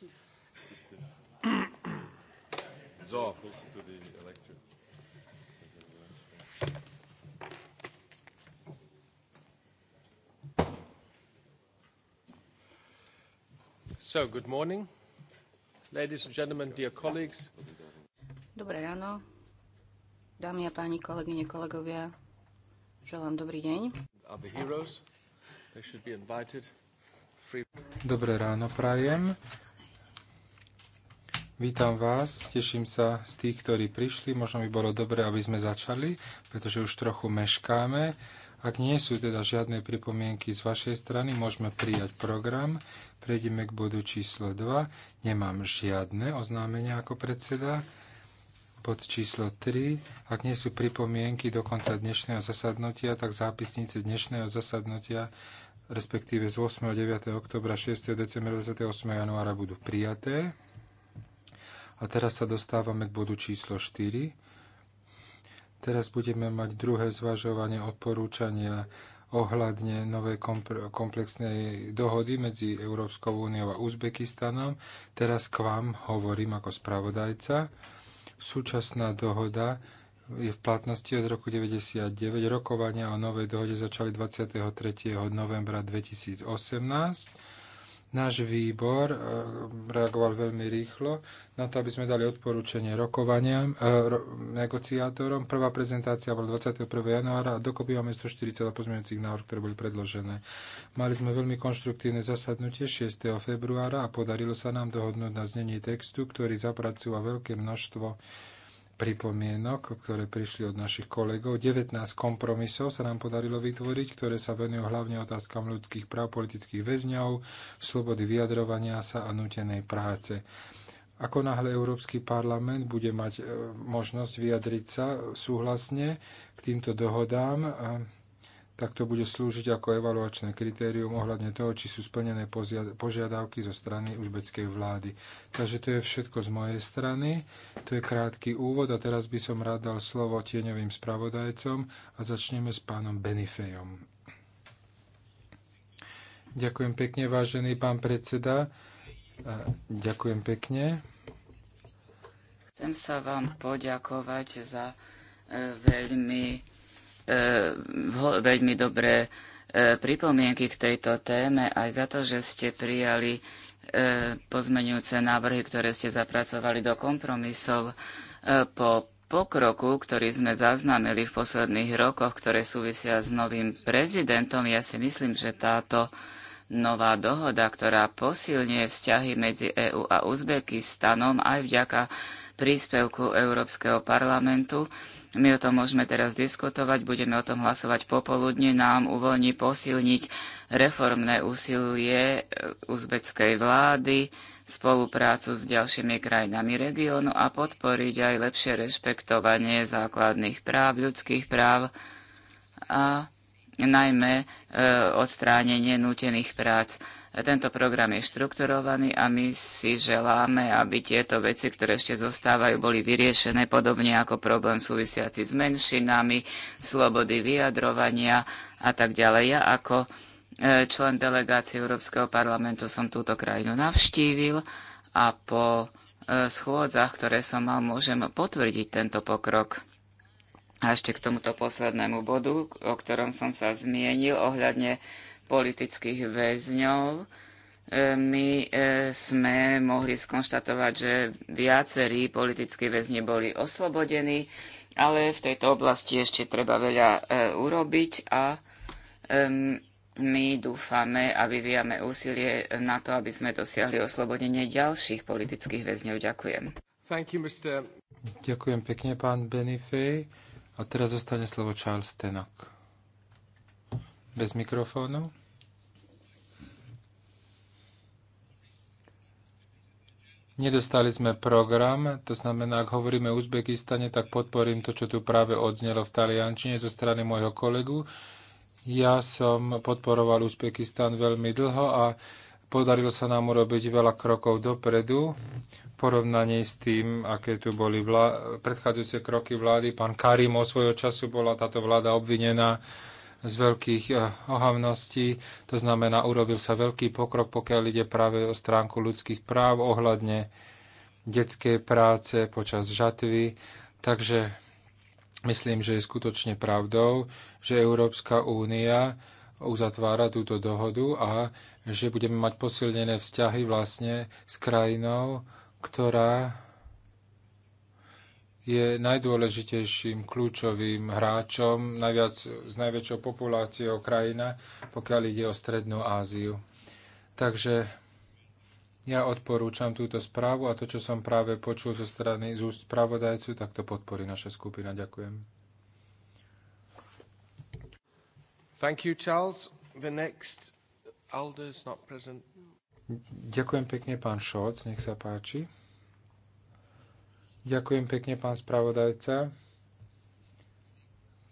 So. So, good morning. Ladies and gentlemen, dear colleagues. Dobré ráno. Dámy a páni, kolegyne, kolegovia. Želám dobrý deň. Are the heroes? They should be invited. Dobré ráno prajem. Vítam vás, teším sa z tých, ktorí prišli. Možno by bolo dobre, aby sme začali, pretože už trochu meškáme. Ak nie sú teda žiadne pripomienky z vašej strany, môžeme prijať program. Prejdeme k bodu číslo 2. Nemám žiadne oznámenia ako predseda. Bod číslo 3. Ak nie sú pripomienky do konca dnešného zasadnutia, tak zápisnice dnešného zasadnutia respektíve z 8. a 9. oktobra, 6. decembra, 28. januára budú prijaté. A teraz sa dostávame k bodu číslo 4. Teraz budeme mať druhé zvažovanie odporúčania ohľadne novej komplexnej dohody medzi Európskou úniou a Uzbekistanom. Teraz k vám hovorím ako spravodajca. Súčasná dohoda je v platnosti od roku 1999. Rokovania o novej dohode začali 23. novembra 2018 Náš výbor e, reagoval veľmi rýchlo na to, aby sme dali odporúčanie rokovaniam, e, negociátorom. Prvá prezentácia bola 21. januára a dokopy máme 140 pozmeňujúcich návrh, ktoré boli predložené. Mali sme veľmi konštruktívne zasadnutie 6. februára a podarilo sa nám dohodnúť na znení textu, ktorý zapracúva veľké množstvo pripomienok, ktoré prišli od našich kolegov. 19 kompromisov sa nám podarilo vytvoriť, ktoré sa venujú hlavne otázkam ľudských práv, politických väzňov, slobody vyjadrovania sa a nutenej práce. Ako náhle Európsky parlament bude mať e, možnosť vyjadriť sa súhlasne k týmto dohodám, e, tak to bude slúžiť ako evaluačné kritérium ohľadne toho, či sú splnené požiadavky zo strany uzbeckej vlády. Takže to je všetko z mojej strany. To je krátky úvod a teraz by som rád dal slovo tieňovým spravodajcom a začneme s pánom Benifejom. Ďakujem pekne, vážený pán predseda. E, ďakujem pekne. Chcem sa vám poďakovať za e, veľmi veľmi dobré e, pripomienky k tejto téme, aj za to, že ste prijali e, pozmenujúce návrhy, ktoré ste zapracovali do kompromisov e, po pokroku, ktorý sme zaznamili v posledných rokoch, ktoré súvisia s novým prezidentom. Ja si myslím, že táto nová dohoda, ktorá posilňuje vzťahy medzi EÚ a Uzbekistanom aj vďaka príspevku Európskeho parlamentu, my o tom môžeme teraz diskutovať, budeme o tom hlasovať popoludne. Nám uvoľní posilniť reformné úsilie e, uzbeckej vlády, spoluprácu s ďalšími krajinami regiónu a podporiť aj lepšie rešpektovanie základných práv, ľudských práv a najmä e, odstránenie nútených prác. Tento program je štrukturovaný a my si želáme, aby tieto veci, ktoré ešte zostávajú, boli vyriešené podobne ako problém súvisiaci s menšinami, slobody vyjadrovania a tak ďalej. Ja ako e, člen delegácie Európskeho parlamentu som túto krajinu navštívil a po e, schôdzach, ktoré som mal, môžem potvrdiť tento pokrok. A ešte k tomuto poslednému bodu, o ktorom som sa zmienil ohľadne politických väzňov, e, my e, sme mohli skonštatovať, že viacerí politickí väzni boli oslobodení, ale v tejto oblasti ešte treba veľa e, urobiť a my dúfame a vyvíjame úsilie na to, aby sme dosiahli oslobodenie ďalších politických väzňov. Ďakujem. You, Ďakujem pekne, pán Benifej. A teraz zostane slovo Charles Tenok. Bez mikrofónu. Nedostali sme program, to znamená, ak hovoríme o Uzbekistane, tak podporím to, čo tu práve odznelo v taliančine zo strany môjho kolegu. Ja som podporoval Uzbekistan veľmi dlho a podarilo sa nám urobiť veľa krokov dopredu v porovnaní s tým, aké tu boli vlá- predchádzajúce kroky vlády. Pán Karim o svojho času bola táto vláda obvinená z veľkých eh, ohavností. To znamená, urobil sa veľký pokrok, pokiaľ ide práve o stránku ľudských práv ohľadne detskej práce počas žatvy. Takže myslím, že je skutočne pravdou, že Európska únia uzatvára túto dohodu a že budeme mať posilnené vzťahy vlastne s krajinou, ktorá je najdôležitejším kľúčovým hráčom, najviac, s najväčšou populáciou krajina, pokiaľ ide o Strednú Áziu. Takže ja odporúčam túto správu a to, čo som práve počul zo strany z úst spravodajcu, tak to podporí naša skupina. Ďakujem. Thank you, Charles. The next elder is not present. Ďakujem pekne, pán Šolc, nech sa páči. Ďakujem pekne, pán spravodajca.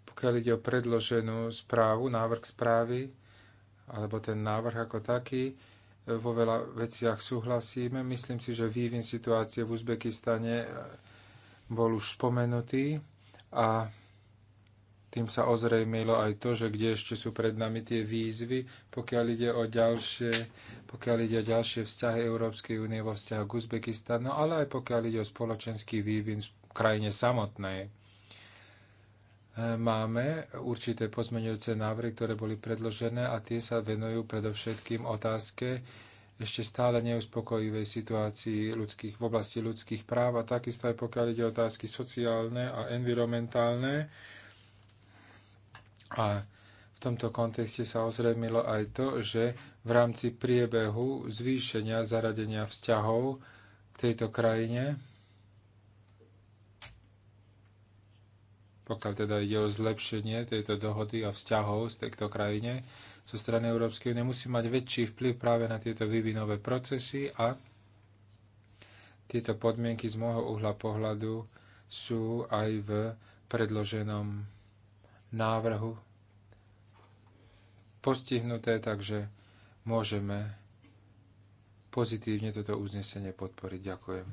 Pokiaľ ide o predloženú správu, návrh správy, alebo ten návrh ako taký, vo veľa veciach súhlasíme. Myslím si, že vývin situácie v Uzbekistane bol už spomenutý a tým sa ozrejmilo aj to, že kde ešte sú pred nami tie výzvy, pokiaľ ide o ďalšie, pokiaľ ide o ďalšie vzťahy Európskej únie vo vzťahu k Uzbekistanu, ale aj pokiaľ ide o spoločenský vývin v krajine samotnej. E, máme určité pozmeňujúce návrhy, ktoré boli predložené a tie sa venujú predovšetkým otázke, ešte stále neuspokojivej situácii ľudských, v oblasti ľudských práv a takisto aj pokiaľ ide o otázky sociálne a environmentálne. A v tomto kontexte sa ozrejmilo aj to, že v rámci priebehu zvýšenia zaradenia vzťahov k tejto krajine, pokiaľ teda ide o zlepšenie tejto dohody a vzťahov z tejto krajine, zo strany Európskej únie musí mať väčší vplyv práve na tieto vývinové procesy a tieto podmienky z môjho uhla pohľadu sú aj v predloženom návrhu postihnuté, takže môžeme pozitívne toto uznesenie podporiť. Ďakujem.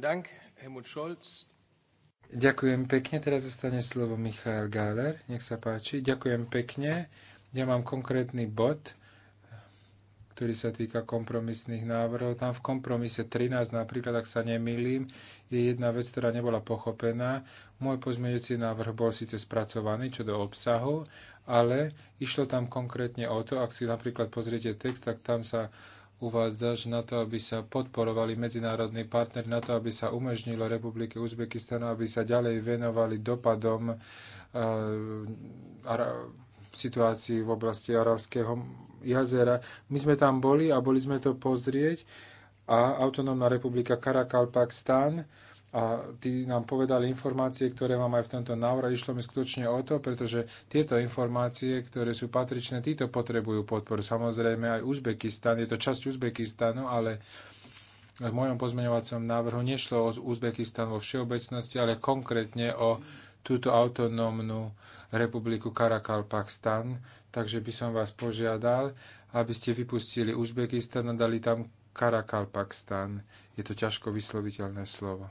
Dank, Helmut Scholz. Ďakujem pekne. Teraz zostane slovo Michael Gáler. Nech sa páči. Ďakujem pekne. Ja mám konkrétny bod ktorý sa týka kompromisných návrhov. Tam v kompromise 13 napríklad, ak sa nemýlim, je jedna vec, ktorá nebola pochopená. Môj pozmeňujúci návrh bol síce spracovaný čo do obsahu, ale išlo tam konkrétne o to, ak si napríklad pozriete text, tak tam sa uvádza, že na to, aby sa podporovali medzinárodní partner, na to, aby sa umožnilo Republike Uzbekistanu, aby sa ďalej venovali dopadom uh, situácii v oblasti arabského jazera. My sme tam boli a boli sme to pozrieť a Autonómna republika Karakalpakstan a tí nám povedali informácie, ktoré mám aj v tomto návore. Išlo mi skutočne o to, pretože tieto informácie, ktoré sú patričné, títo potrebujú podporu. Samozrejme aj Uzbekistan, je to časť Uzbekistanu, ale v mojom pozmeňovacom návrhu nešlo o Uzbekistan vo všeobecnosti, ale konkrétne o túto autonómnu republiku Pakistan. Takže by som vás požiadal, aby ste vypustili Uzbekistan a dali tam Pakistan. Je to ťažko vysloviteľné slovo.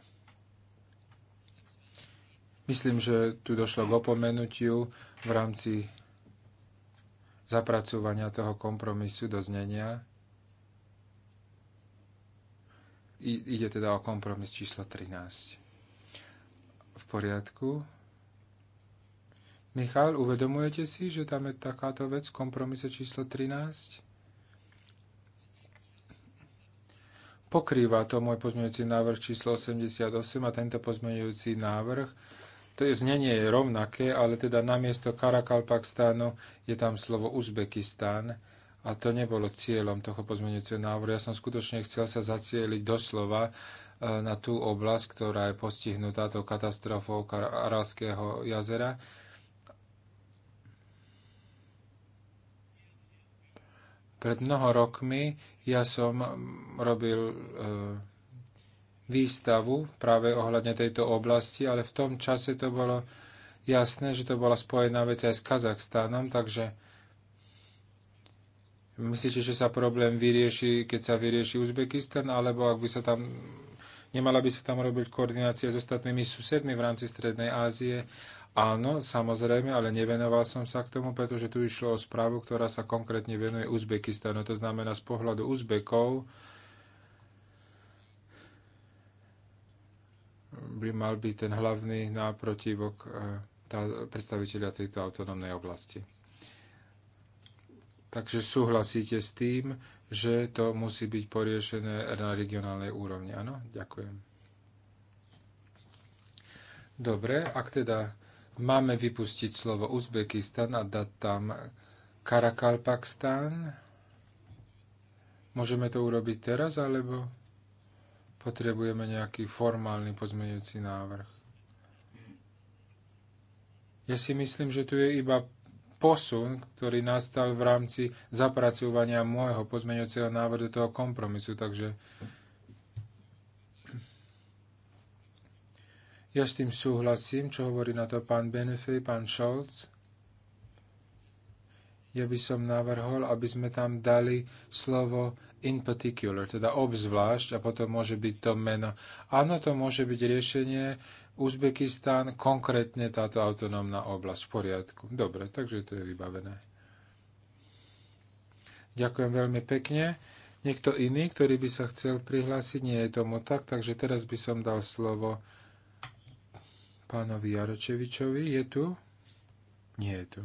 Myslím, že tu došlo k opomenutiu v rámci zapracovania toho kompromisu do znenia. I, ide teda o kompromis číslo 13. V poriadku. Michal, uvedomujete si, že tam je takáto vec v kompromise číslo 13? Pokrýva to môj pozmeňujúci návrh číslo 88 a tento pozmeňujúci návrh. To je, znenie je rovnaké, ale teda namiesto Karakalpakstánu je tam slovo Uzbekistán a to nebolo cieľom toho pozmeňujúceho návrhu. Ja som skutočne chcel sa zacieliť doslova e, na tú oblasť, ktorá je postihnutá tou katastrofou Aralského jazera Pred mnoho rokmi ja som mm, robil e, výstavu práve ohľadne tejto oblasti, ale v tom čase to bolo jasné, že to bola spojená vec aj s Kazachstánom, takže myslíte, že sa problém vyrieši, keď sa vyrieši Uzbekistan, alebo ak by sa tam nemala by sa tam robiť koordinácia s ostatnými susedmi v rámci Strednej Ázie, Áno, samozrejme, ale nevenoval som sa k tomu, pretože tu išlo o správu, ktorá sa konkrétne venuje Uzbekistanu. To znamená, z pohľadu Uzbekov by mal byť ten hlavný náprotivok e, tá, predstaviteľa tejto autonómnej oblasti. Takže súhlasíte s tým, že to musí byť poriešené na regionálnej úrovni. Áno, ďakujem. Dobre, ak teda Máme vypustiť slovo Uzbekistan a dať tam Karakalpakstán. Môžeme to urobiť teraz, alebo potrebujeme nejaký formálny pozmeňujúci návrh? Ja si myslím, že tu je iba posun, ktorý nastal v rámci zapracovania môjho pozmeňujúceho návrhu do toho kompromisu, takže Ja s tým súhlasím, čo hovorí na to pán Benefej, pán Scholz. Ja by som navrhol, aby sme tam dali slovo in particular, teda obzvlášť, a potom môže byť to meno. Áno, to môže byť riešenie, Uzbekistán, konkrétne táto autonómna oblasť. V poriadku. Dobre, takže to je vybavené. Ďakujem veľmi pekne. Niekto iný, ktorý by sa chcel prihlásiť, nie je tomu tak, takže teraz by som dal slovo pánovi Jaročevičovi. Je tu? Nie je tu.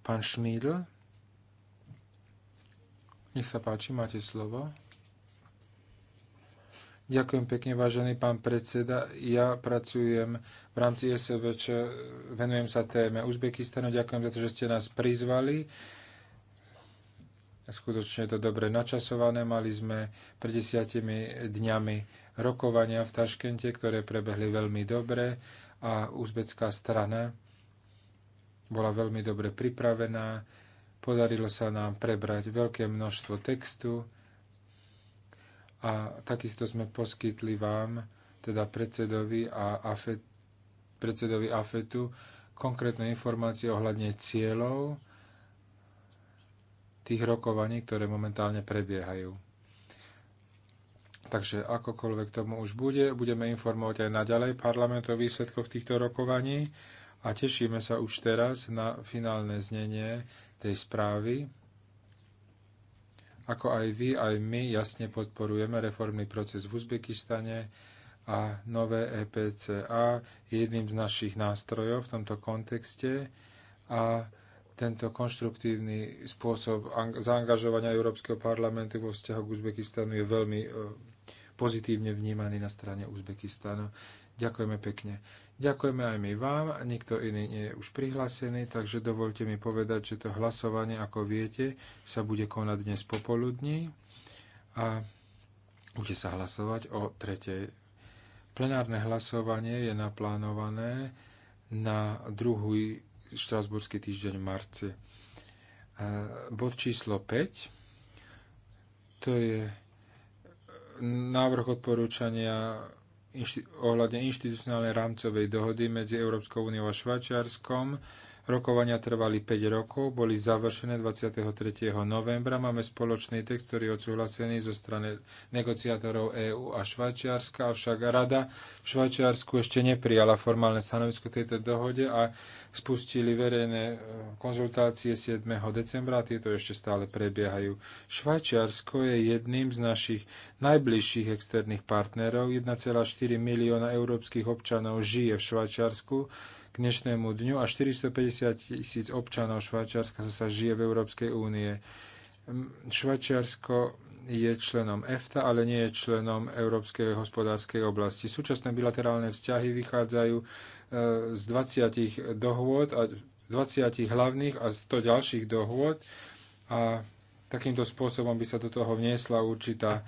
Pán Šmídl? Nech sa páči, máte slovo. Ďakujem pekne, vážený pán predseda. Ja pracujem v rámci SVČ, venujem sa téme Uzbekistanu. Ďakujem za to, že ste nás prizvali. Skutočne je to dobre načasované. Mali sme pred desiatimi dňami rokovania v Taškente, ktoré prebehli veľmi dobre a uzbecká strana bola veľmi dobre pripravená. Podarilo sa nám prebrať veľké množstvo textu a takisto sme poskytli vám, teda predsedovi a AFET, predsedovi AFETu, konkrétne informácie ohľadne cieľov tých rokovaní, ktoré momentálne prebiehajú. Takže akokoľvek tomu už bude, budeme informovať aj naďalej parlament o výsledkoch týchto rokovaní a tešíme sa už teraz na finálne znenie tej správy. Ako aj vy, aj my jasne podporujeme reformný proces v Uzbekistane a nové EPCA je jedným z našich nástrojov v tomto kontexte a tento konštruktívny spôsob zaangažovania Európskeho parlamentu vo vzťahu k Uzbekistanu je veľmi e, pozitívne vnímaní na strane Uzbekistanu. Ďakujeme pekne. Ďakujeme aj my vám, nikto iný nie je už prihlásený, takže dovolte mi povedať, že to hlasovanie, ako viete, sa bude konať dnes popoludní a bude sa hlasovať o tretej. Plenárne hlasovanie je naplánované na druhý štrasburský týždeň v marci. Bod číslo 5, to je návrh odporúčania inšti- ohľadne inštitucionálnej rámcovej dohody medzi Európskou úniou a Švajčiarskom Rokovania trvali 5 rokov, boli završené 23. novembra. Máme spoločný text, ktorý je odsúhlasený zo strany negociátorov EÚ a Švajčiarska, avšak Rada v Švajčiarsku ešte neprijala formálne stanovisko tejto dohode a spustili verejné e, konzultácie 7. decembra, tieto ešte stále prebiehajú. Švajčiarsko je jedným z našich najbližších externých partnerov. 1,4 milióna európskych občanov žije v Švajčiarsku k dnešnému dňu a 450 tisíc občanov Švajčiarska sa žije v Európskej únie. Švajčiarsko je členom EFTA, ale nie je členom Európskej hospodárskej oblasti. Súčasné bilaterálne vzťahy vychádzajú e, z 20 dohôd a 20 hlavných a 100 ďalších dohôd a takýmto spôsobom by sa do toho vniesla určitá,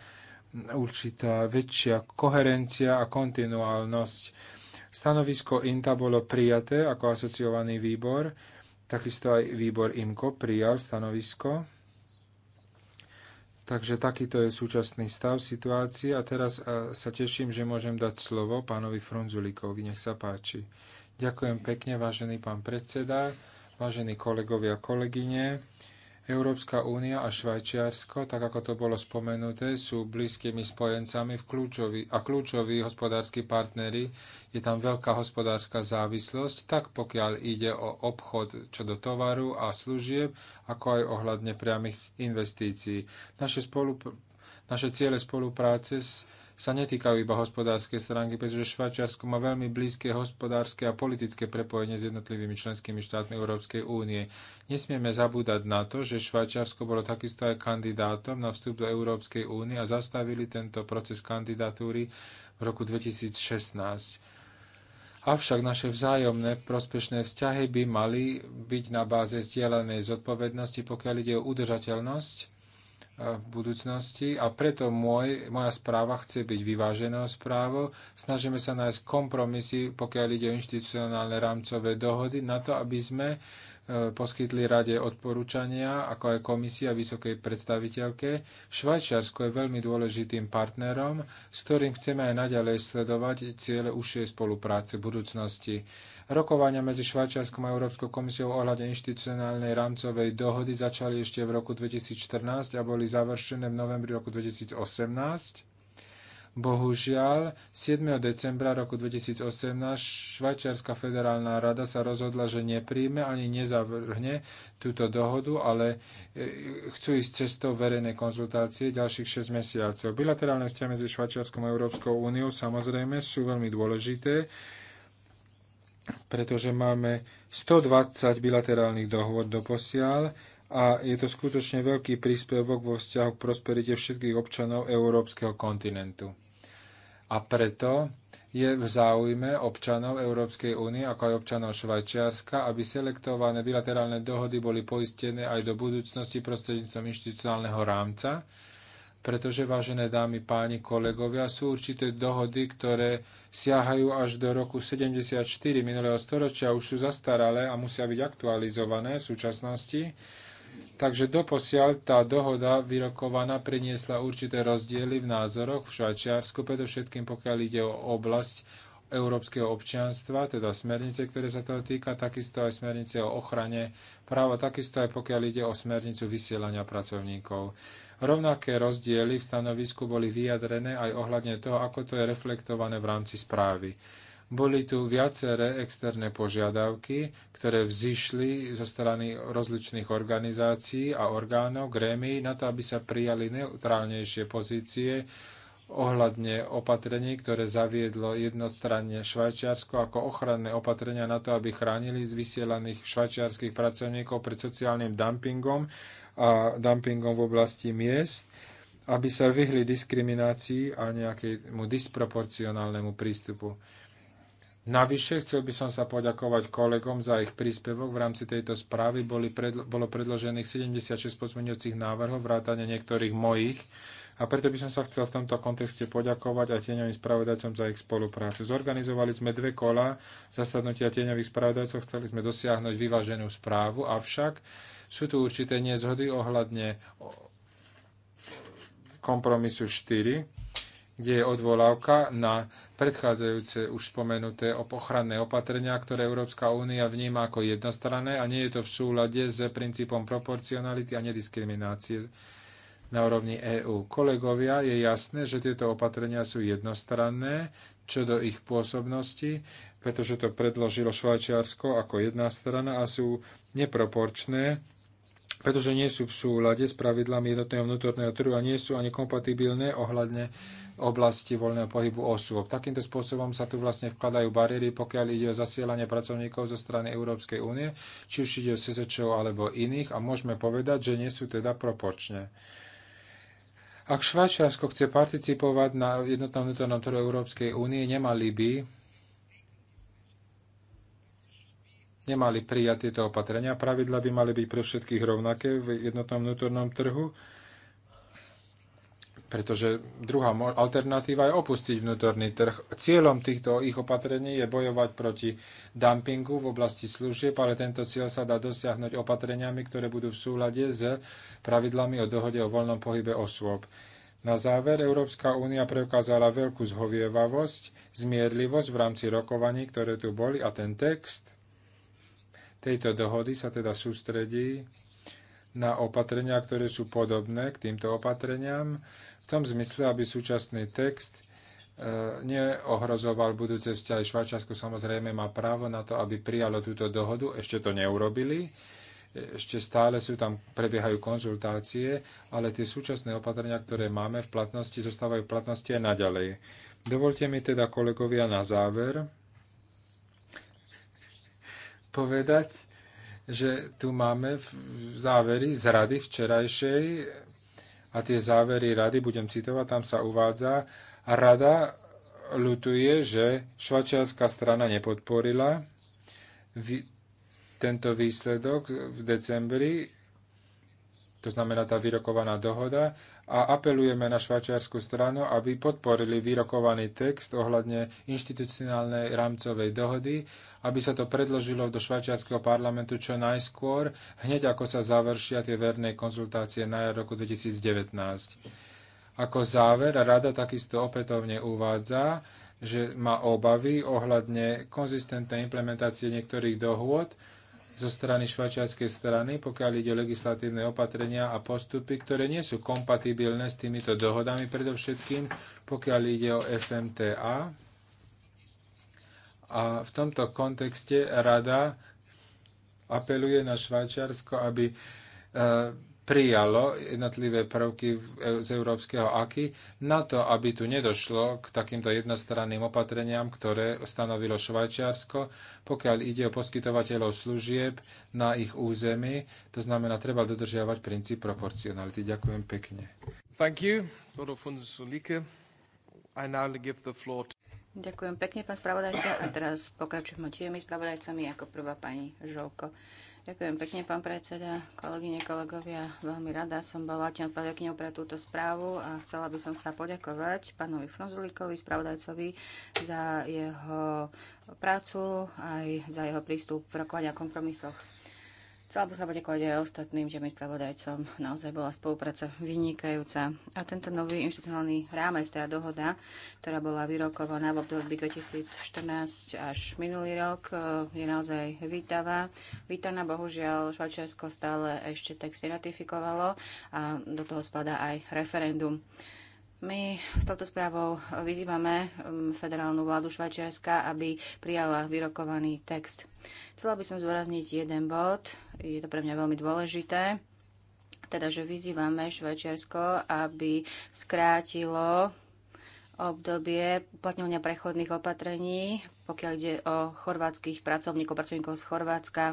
určitá väčšia koherencia a kontinuálnosť Stanovisko INTA bolo prijaté ako asociovaný výbor, takisto aj výbor IMCO prijal stanovisko. Takže takýto je súčasný stav situácie a teraz sa teším, že môžem dať slovo pánovi Frunzulíkovi. Nech sa páči. Ďakujem pekne, vážený pán predseda, vážení kolegovia a kolegyne. Európska únia a Švajčiarsko, tak ako to bolo spomenuté, sú blízkymi spojencami v a kľúčoví hospodárski partnery. Je tam veľká hospodárska závislosť, tak pokiaľ ide o obchod čo do tovaru a služieb, ako aj ohľadne priamých investícií. Naše, naše ciele spolupráce s sa netýkajú iba hospodárskej stránky, pretože Švajčiarsko má veľmi blízke hospodárske a politické prepojenie s jednotlivými členskými štátmi Európskej únie. Nesmieme zabúdať na to, že Švajčiarsko bolo takisto aj kandidátom na vstup do Európskej únie a zastavili tento proces kandidatúry v roku 2016. Avšak naše vzájomné prospešné vzťahy by mali byť na báze zdieľanej zodpovednosti, pokiaľ ide o udržateľnosť v budúcnosti a preto môj, moja správa chce byť vyváženou správou. Snažíme sa nájsť kompromisy, pokiaľ ide o inštitucionálne rámcové dohody, na to, aby sme E, poskytli rade odporúčania, ako aj komisia vysokej predstaviteľke. Švajčiarsko je veľmi dôležitým partnerom, s ktorým chceme aj naďalej sledovať ciele užšej spolupráce v budúcnosti. Rokovania medzi Švajčiarskom a Európskou komisiou ohľade inštitucionálnej rámcovej dohody začali ešte v roku 2014 a boli završené v novembri roku 2018. Bohužiaľ, 7. decembra roku 2018 Švajčiarska federálna rada sa rozhodla, že nepríjme ani nezavrhne túto dohodu, ale e, chcú ísť cestou verejnej konzultácie ďalších 6 mesiacov. Bilaterálne vzťahy medzi Švajčiarskom a Európskou úniou samozrejme sú veľmi dôležité, pretože máme 120 bilaterálnych dohôd posiaľ a je to skutočne veľký príspevok vo vzťahu k prosperite všetkých občanov európskeho kontinentu. A preto je v záujme občanov Európskej únie, ako aj občanov Švajčiarska, aby selektované bilaterálne dohody boli poistené aj do budúcnosti prostredníctvom inštitucionálneho rámca, pretože, vážené dámy, páni, kolegovia, sú určité dohody, ktoré siahajú až do roku 74 minulého storočia, už sú zastaralé a musia byť aktualizované v súčasnosti Takže doposiaľ tá dohoda vyrokovaná priniesla určité rozdiely v názoroch v Švajčiarsku, predovšetkým pokiaľ ide o oblasť európskeho občianstva, teda smernice, ktoré sa toho týka, takisto aj smernice o ochrane práva, takisto aj pokiaľ ide o smernicu vysielania pracovníkov. Rovnaké rozdiely v stanovisku boli vyjadrené aj ohľadne toho, ako to je reflektované v rámci správy. Boli tu viaceré externé požiadavky, ktoré vzýšli zo strany rozličných organizácií a orgánov, grémy, na to, aby sa prijali neutrálnejšie pozície ohľadne opatrení, ktoré zaviedlo jednostranne Švajčiarsko ako ochranné opatrenia na to, aby chránili vysielaných švajčiarských pracovníkov pred sociálnym dumpingom a dumpingom v oblasti miest, aby sa vyhli diskriminácii a nejakému disproporcionálnemu prístupu. Navyše chcel by som sa poďakovať kolegom za ich príspevok. V rámci tejto správy boli predl- bolo predložených 76 pozmeňujúcich návrhov, vrátane niektorých mojich. A preto by som sa chcel v tomto kontexte poďakovať aj tieňovým spravodajcom za ich spoluprácu. Zorganizovali sme dve kola zasadnutia tieňových spravodajcov, chceli sme dosiahnuť vyváženú správu, avšak sú tu určité nezhody ohľadne kompromisu 4 kde je odvolávka na predchádzajúce už spomenuté ochranné opatrenia, ktoré Európska únia vníma ako jednostranné a nie je to v súlade s princípom proporcionality a nediskriminácie na úrovni EÚ. Kolegovia, je jasné, že tieto opatrenia sú jednostranné čo do ich pôsobnosti, pretože to predložilo Švajčiarsko ako jedna strana a sú neproporčné pretože nie sú v súlade s pravidlami jednotného vnútorného trhu a nie sú ani kompatibilné ohľadne oblasti voľného pohybu osôb. Takýmto spôsobom sa tu vlastne vkladajú bariéry, pokiaľ ide o zasielanie pracovníkov zo strany Európskej únie, či už ide o SZČO alebo iných a môžeme povedať, že nie sú teda proporčne. Ak Švajčiarsko chce participovať na jednotnom vnútornom trhu Európskej únie, nemali by nemali prijať tieto opatrenia. Pravidla by mali byť pre všetkých rovnaké v jednotnom vnútornom trhu pretože druhá alternatíva je opustiť vnútorný trh. Cieľom týchto ich opatrení je bojovať proti dumpingu v oblasti služieb, ale tento cieľ sa dá dosiahnuť opatreniami, ktoré budú v súlade s pravidlami o dohode o voľnom pohybe osôb. Na záver Európska únia preukázala veľkú zhovievavosť, zmierlivosť v rámci rokovaní, ktoré tu boli a ten text tejto dohody sa teda sústredí na opatrenia, ktoré sú podobné k týmto opatreniam, v tom zmysle, aby súčasný text e, neohrozoval budúce vzťahy. Švajčiarsko samozrejme má právo na to, aby prijalo túto dohodu. Ešte to neurobili. E, ešte stále sú tam, prebiehajú konzultácie, ale tie súčasné opatrenia, ktoré máme v platnosti, zostávajú v platnosti aj naďalej. Dovolte mi teda, kolegovia, na záver povedať, že tu máme v závery z rady včerajšej a tie závery rady, budem citovať, tam sa uvádza, a rada ľutuje, že švačiarská strana nepodporila tento výsledok v decembri to znamená tá vyrokovaná dohoda, a apelujeme na švajčiarsku stranu, aby podporili vyrokovaný text ohľadne inštitucionálnej rámcovej dohody, aby sa to predložilo do švajčiarského parlamentu čo najskôr, hneď ako sa završia tie verné konzultácie na jar roku 2019. Ako záver, rada takisto opätovne uvádza, že má obavy ohľadne konzistentnej implementácie niektorých dohôd, zo strany švajčiarskej strany, pokiaľ ide o legislatívne opatrenia a postupy, ktoré nie sú kompatibilné s týmito dohodami, predovšetkým pokiaľ ide o FMTA. A v tomto kontexte rada apeluje na Švajčiarsko, aby eh, prijalo jednotlivé prvky e, z európskeho AKI na to, aby tu nedošlo k takýmto jednostranným opatreniam, ktoré stanovilo Švajčiarsko, pokiaľ ide o poskytovateľov služieb na ich území. To znamená, treba dodržiavať princíp proporcionality. Ďakujem pekne. Thank you. I now give the floor to... Ďakujem pekne, pán spravodajca. A teraz pokračujeme tými spravodajcami ako prvá pani Žolko. Ďakujem pekne, pán predseda, kolegyne, kolegovia. Veľmi rada som bola tým odpovedakňou pre túto správu a chcela by som sa poďakovať pánovi Frunzulíkovi, spravodajcovi, za jeho prácu aj za jeho prístup v rokovania kompromisoch. Chcela by sa poďakovať aj ostatným tým pravodajcom. Naozaj bola spolupráca vynikajúca. A tento nový inštitucionálny rámec, teda dohoda, ktorá bola vyrokovaná v období 2014 až minulý rok, e, je naozaj vítavá. Vítaná, bohužiaľ, Švajčiarsko stále ešte text neratifikovalo a do toho spadá aj referendum. My v touto správou vyzývame um, federálnu vládu Švajčiarska, aby prijala vyrokovaný text. Chcela by som zdôrazniť jeden bod, je to pre mňa veľmi dôležité, teda že vyzývame Švajčiarsko, aby skrátilo obdobie uplatňovania prechodných opatrení, pokiaľ ide o chorvátskych pracovníkov, pracovníkov z Chorvátska.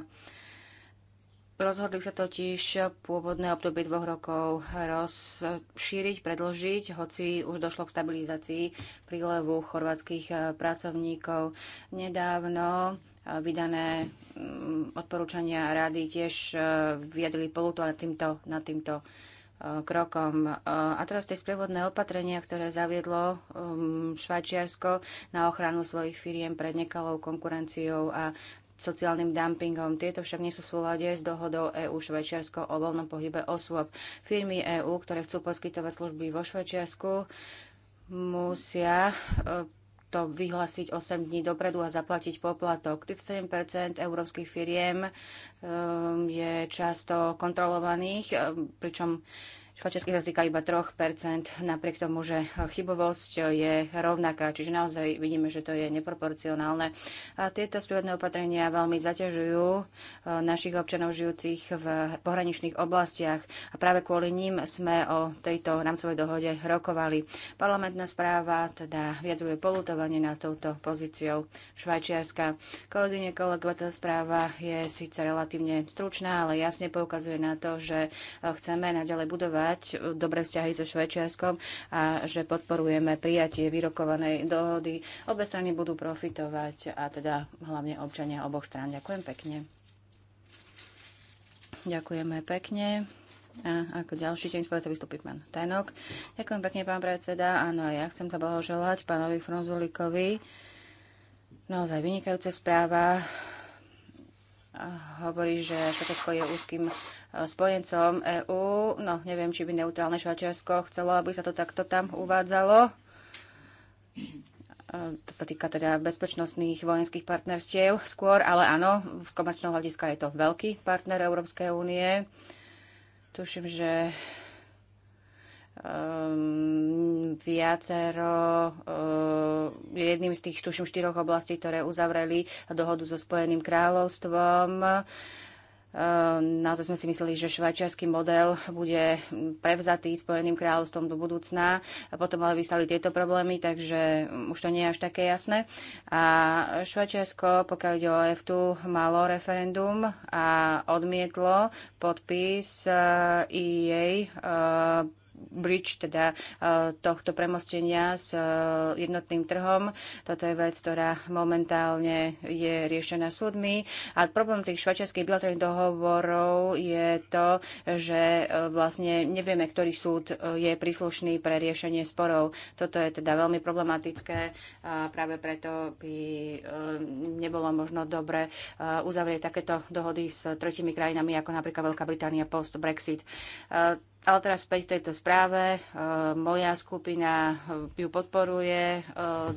Rozhodli sa totiž pôvodné obdobie dvoch rokov rozšíriť, predlžiť, hoci už došlo k stabilizácii prílevu chorvátskych eh, pracovníkov. Nedávno eh, vydané mm, odporúčania rady tiež eh, vyjadrili polúto nad týmto, nad týmto krokom. A teraz tie sprievodné opatrenia, ktoré zaviedlo ehm, Švajčiarsko na ochranu svojich firiem pred nekalou konkurenciou a sociálnym dumpingom. Tieto však nie sú v súlade s dohodou EÚ Švajčiarsko o voľnom pohybe osôb. Firmy EÚ, ktoré chcú poskytovať služby vo Švajčiarsku, musia e, to vyhlásiť 8 dní dopredu a zaplatiť poplatok. 37 európskych firiem e, je často kontrolovaných, e, pričom Švajčiarsky sa týka iba 3%, napriek tomu, že chybovosť je rovnaká, čiže naozaj vidíme, že to je neproporcionálne. A tieto spievodné opatrenia veľmi zaťažujú eh, našich občanov žijúcich v pohraničných oblastiach a práve kvôli ním sme o tejto rámcovej dohode rokovali. Parlamentná správa teda vyjadruje polutovanie nad touto pozíciou Švajčiarska. Kolegyne, kolegova, tá správa je síce relatívne stručná, ale jasne poukazuje na to, že eh, chceme naďalej budovať podporovať dobré vzťahy so Švajčiarskom a že podporujeme prijatie vyrokovanej dohody. Obe strany budú profitovať a teda hlavne občania oboch strán. Ďakujem pekne. Ďakujeme pekne. A ako ďalší deň spojete vystúpi pán Tajnok. Ďakujem pekne, pán predseda. Áno, ja chcem sa blahoželať pánovi Fronzulikovi. Naozaj vynikajúca správa hovorí, že Švajčiarsko je úzkým eh, spojencom EÚ. No, neviem, či by neutrálne Švajčiarsko chcelo, aby sa to takto tam uvádzalo. Eh, to sa týka teda bezpečnostných vojenských partnerstiev skôr, ale áno, z komerčného hľadiska je to veľký partner Európskej únie. Tuším, že Ehm, viacero ehm, jedným z tých tuším štyroch oblastí, ktoré uzavreli dohodu so Spojeným kráľovstvom. Ehm, naozaj sme si mysleli, že švajčiarsky model bude prevzatý Spojeným kráľovstvom do budúcna. A potom ale vystali tieto problémy, takže mm, už to nie je až také jasné. A Švajčiarsko, pokiaľ ide o EFTU, malo referendum a odmietlo podpis eh, jej eh, bridge, teda e, tohto premostenia s e, jednotným trhom. Toto je vec, ktorá momentálne je riešená súdmi. A problém tých švajčiarských bilaterálnych dohovorov je to, že e, vlastne nevieme, ktorý súd je príslušný pre riešenie sporov. Toto je teda veľmi problematické a práve preto by nebolo možno dobre uzavrieť takéto dohody s tretimi krajinami, ako napríklad Veľká Británia post-Brexit. Ale teraz späť k tejto správe. E, moja skupina e, ju podporuje. E,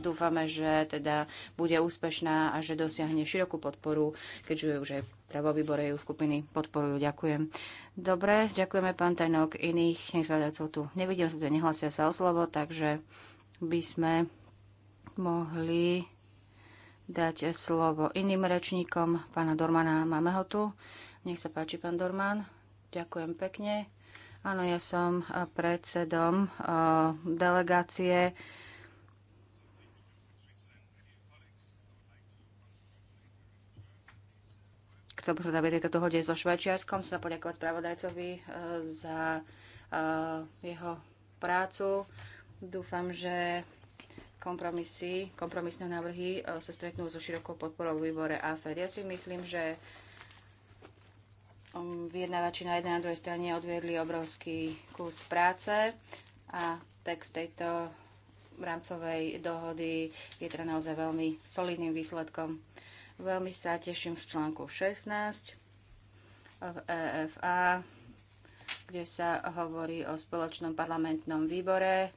dúfame, že teda bude úspešná a že dosiahne širokú podporu, keďže už aj pravo výbore ju skupiny podporujú. Ďakujem. Dobre, ďakujeme pán Tajnok. Iných nezvládacov tu nevidím, tu nehlasia sa o slovo, takže by sme mohli dať slovo iným rečníkom. Pána Dormana máme ho tu. Nech sa páči, pán Dorman. Ďakujem pekne. Áno, ja som eh, predsedom eh, delegácie chcel by som sa tejto dohode so Švajčiarskom. Chcem poďakovať spravodajcovi eh, za jeho prácu. Dúfam, že kompromisy, kompromisné návrhy sa stretnú so širokou podporou v výbore AFED. Ja si myslím, že Um, vyjednávači na jednej a druhej strane odviedli obrovský kus práce a text tejto rámcovej dohody je teda naozaj veľmi solidným výsledkom. Veľmi sa teším z článku 16 v EFA, kde sa hovorí o spoločnom parlamentnom výbore.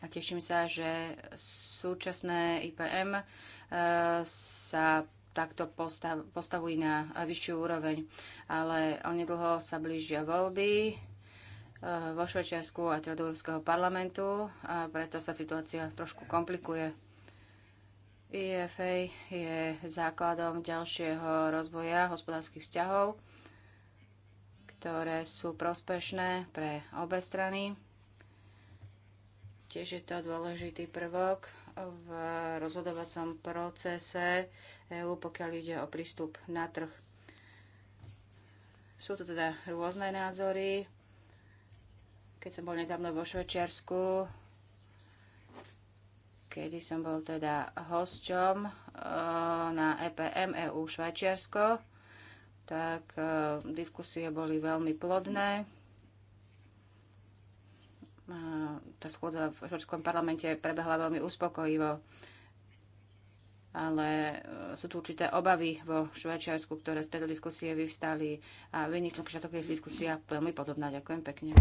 A teším sa, že súčasné IPM e, sa takto postav, postavují na vyššiu úroveň. Ale onedlho sa blížia voľby eh, vo Švečiasku a teda Európskeho parlamentu a preto sa situácia trošku komplikuje. IFA je základom ďalšieho rozvoja hospodárskych vzťahov, ktoré sú prospešné pre obe strany. Tiež je to dôležitý prvok v rozhodovacom procese EÚ, pokiaľ ide o prístup na trh. Sú to teda rôzne názory. Keď som bol nedávno vo Švečiarsku, kedy som bol teda hosťom eh, na EPM EU Švajčiarsko, tak eh, diskusie boli veľmi plodné. Eh, tá schôdza v Európskom parlamente prebehla veľmi uspokojivo ale e, sú tu určité obavy vo Švajčiarsku, ktoré z tejto diskusie vyvstali a v iných členských je diskusia veľmi podobná. Ďakujem pekne.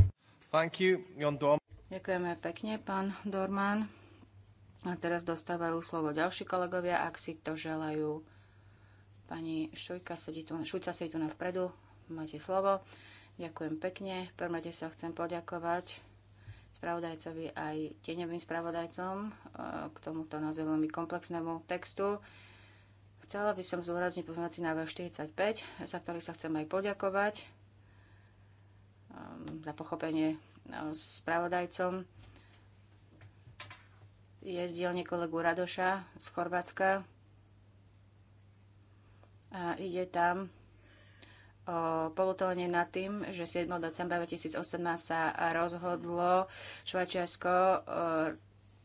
Thank you, Dorm. Ďakujeme pekne, pán Dorman. A teraz dostávajú slovo ďalší kolegovia, ak si to želajú. Pani Šujka sedí tu, Šujca sedí tu na vpredu, máte slovo. Ďakujem pekne. Prvom sa chcem poďakovať spravodajcovi aj tieňovým spravodajcom e, k tomuto naozaj veľmi komplexnému textu. Chcela by som zúrazniť pozmeňovací návrh 45, za ktorý sa chcem aj poďakovať e, za pochopenie e, spravodajcom. Je z dielne kolegu Radoša z Chorvátska. A ide tam polutovanie nad tým, že 7. decembra 2018 sa rozhodlo Švajčiarsko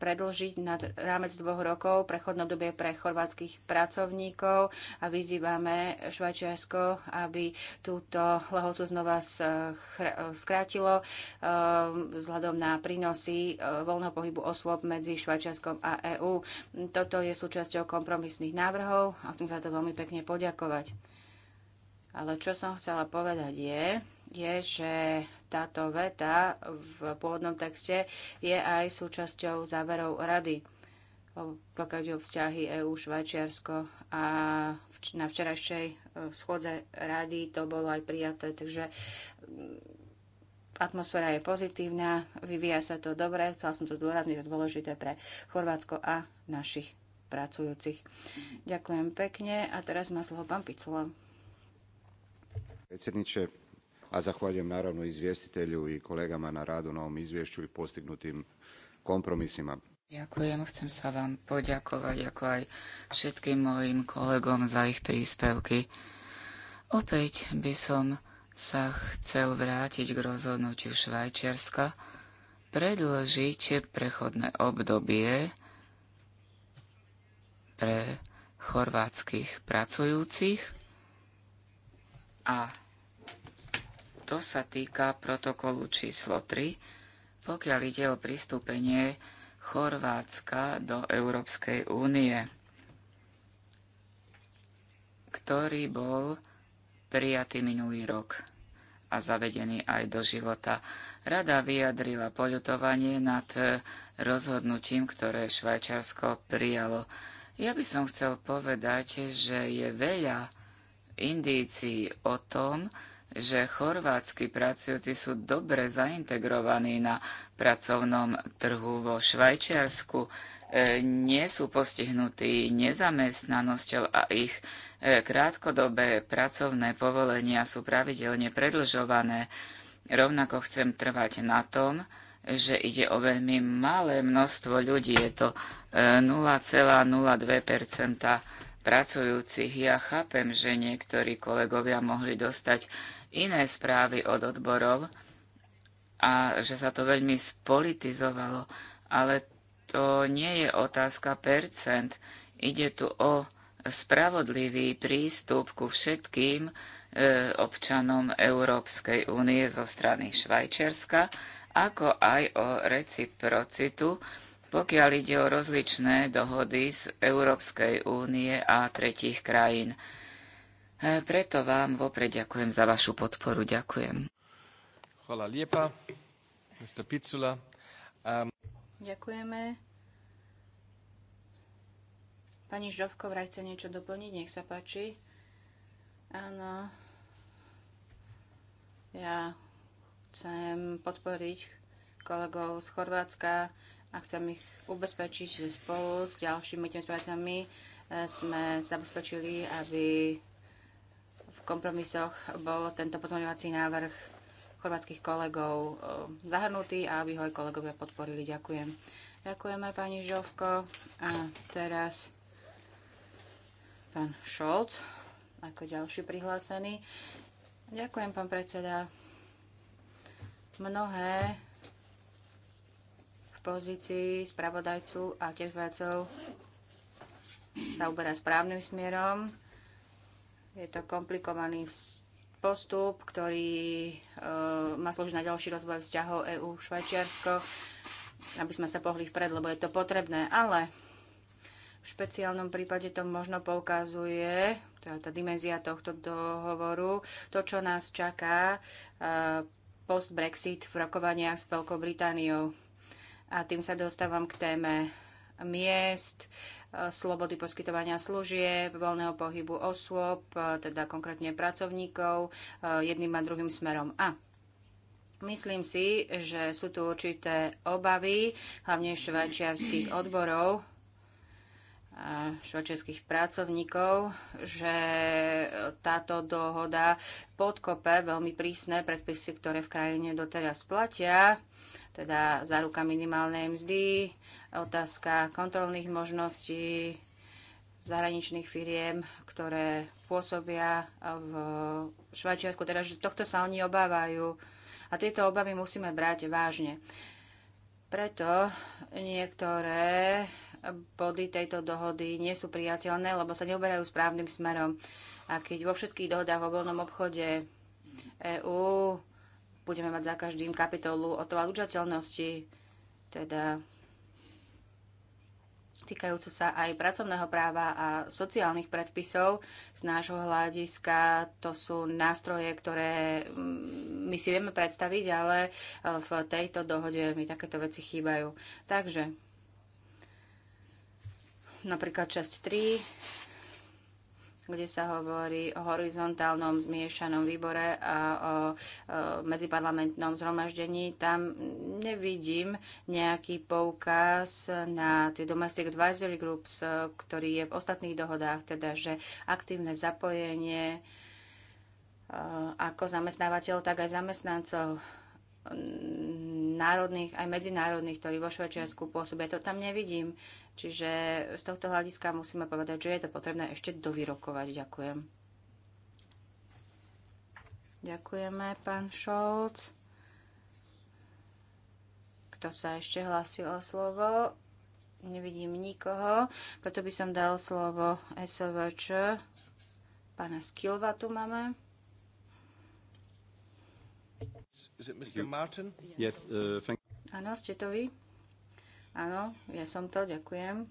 predlžiť nad rámec dvoch rokov prechodné obdobie pre chorvátskych pracovníkov a vyzývame Švajčiarsko, aby túto lehotu znova skrátilo vzhľadom na prínosy voľného pohybu osôb medzi Švajčiarskom a EÚ. Toto je súčasťou kompromisných návrhov a chcem za to veľmi pekne poďakovať. Ale čo som chcela povedať je, je, že táto veta v pôvodnom texte je aj súčasťou záverov rady pokiaľ o vzťahy EU, Švajčiarsko a na včerajšej e, schodze rady to bolo aj prijaté, takže mm, atmosféra je pozitívna, vyvíja sa to dobre, chcela som to zdôrazniť, to dôležité pre Chorvátsko a našich pracujúcich. Ďakujem pekne a teraz má slovo pán Picula predsjedniče, a zahvaljujem naravno izvjestitelju i kolegama na radu na ovom izvješću i postignutim kompromisima. Ďakujem, chcem sa vám poďakovať ako aj všetkým mojim kolegom za ich príspevky. Opäť by som sa chcel vrátiť k rozhodnutiu Švajčiarska, predložiť prechodné obdobie pre chorvátskych pracujúcich a to sa týka protokolu číslo 3, pokiaľ ide o pristúpenie Chorvátska do Európskej únie, ktorý bol prijatý minulý rok a zavedený aj do života. Rada vyjadrila poľutovanie nad rozhodnutím, ktoré Švajčarsko prijalo. Ja by som chcel povedať, že je veľa indícií o tom, že chorvátsky pracujúci sú dobre zaintegrovaní na pracovnom trhu vo Švajčiarsku, e, nie sú postihnutí nezamestnanosťou a ich e, krátkodobé pracovné povolenia sú pravidelne predlžované. Rovnako chcem trvať na tom, že ide o veľmi malé množstvo ľudí, je to 0,02 e, pracujúcich. Ja chápem, že niektorí kolegovia mohli dostať iné správy od odborov a že sa to veľmi spolitizovalo, ale to nie je otázka percent. Ide tu o spravodlivý prístup ku všetkým e, občanom Európskej únie zo strany Švajčerska, ako aj o reciprocitu pokiaľ ide o rozličné dohody z Európskej únie a tretích krajín. E, preto vám vopred ďakujem za vašu podporu. Ďakujem. Hvala liepa, Mr. Picula. Um... Ďakujeme. Pani Žovko, vraj chce niečo doplniť, nech sa páči. Áno. Ja chcem podporiť kolegov z Chorvátska, a chcem ich ubezpečiť, že spolu s ďalšími tými správcami e, sme zabezpečili, aby v kompromisoch bol tento pozmeňovací návrh chorvátskych kolegov e, zahrnutý a aby ho aj kolegovia podporili. Ďakujem. Ďakujeme pani Žovko. A teraz pán Šolc ako ďalší prihlásený. Ďakujem, pán predseda. Mnohé pozícii spravodajcu a tiež vecov sa uberá správnym smerom. Je to komplikovaný postup, ktorý e, má slúžiť na ďalší rozvoj vzťahov EU-Švajčiarsko, aby sme sa pohli vpred, lebo je to potrebné. Ale v špeciálnom prípade to možno poukazuje, teda tá dimenzia tohto dohovoru, to, čo nás čaká e, post-Brexit v rokovaniach s Veľkou Britániou a tým sa dostávam k téme miest, e, slobody poskytovania služieb, voľného pohybu osôb, e, teda konkrétne pracovníkov, e, jedným a druhým smerom. A myslím si, že sú tu určité obavy, hlavne švajčiarských odborov, švajčiarských pracovníkov, že táto dohoda podkope veľmi prísne predpisy, ktoré v krajine doteraz platia teda záruka minimálnej mzdy, otázka kontrolných možností zahraničných firiem, ktoré pôsobia v Švajčiarsku. Teda, že tohto sa oni obávajú a tieto obavy musíme brať vážne. Preto niektoré body tejto dohody nie sú priateľné, lebo sa neoberajú správnym smerom. A keď vo všetkých dohodách o voľnom obchode EÚ budeme mať za každým kapitolu o to udržateľnosti, teda týkajúcu sa aj pracovného práva a sociálnych predpisov. Z nášho hľadiska to sú nástroje, ktoré mm, my si vieme predstaviť, ale e, v tejto dohode mi takéto veci chýbajú. Takže napríklad časť 3 kde sa hovorí o horizontálnom zmiešanom výbore a o, medziparlamentnom zhromaždení. Tam nevidím nejaký poukaz na tie domestic advisory groups, e, ktorý je v ostatných dohodách, teda že aktívne zapojenie e, ako zamestnávateľov, tak aj zamestnancov národných, aj medzinárodných, ktorí vo Švajčiarsku pôsobia. To tam nevidím. Čiže z tohto hľadiska musíme povedať, že je to potrebné ešte dovyrokovať. Ďakujem. Ďakujeme, pán Šolc. Kto sa ešte hlásil o slovo? Nevidím nikoho, preto by som dal slovo SOVČ. Pána Skilva tu máme. Yes, uh, Áno, ste to vy? Áno, ja som to, ďakujem.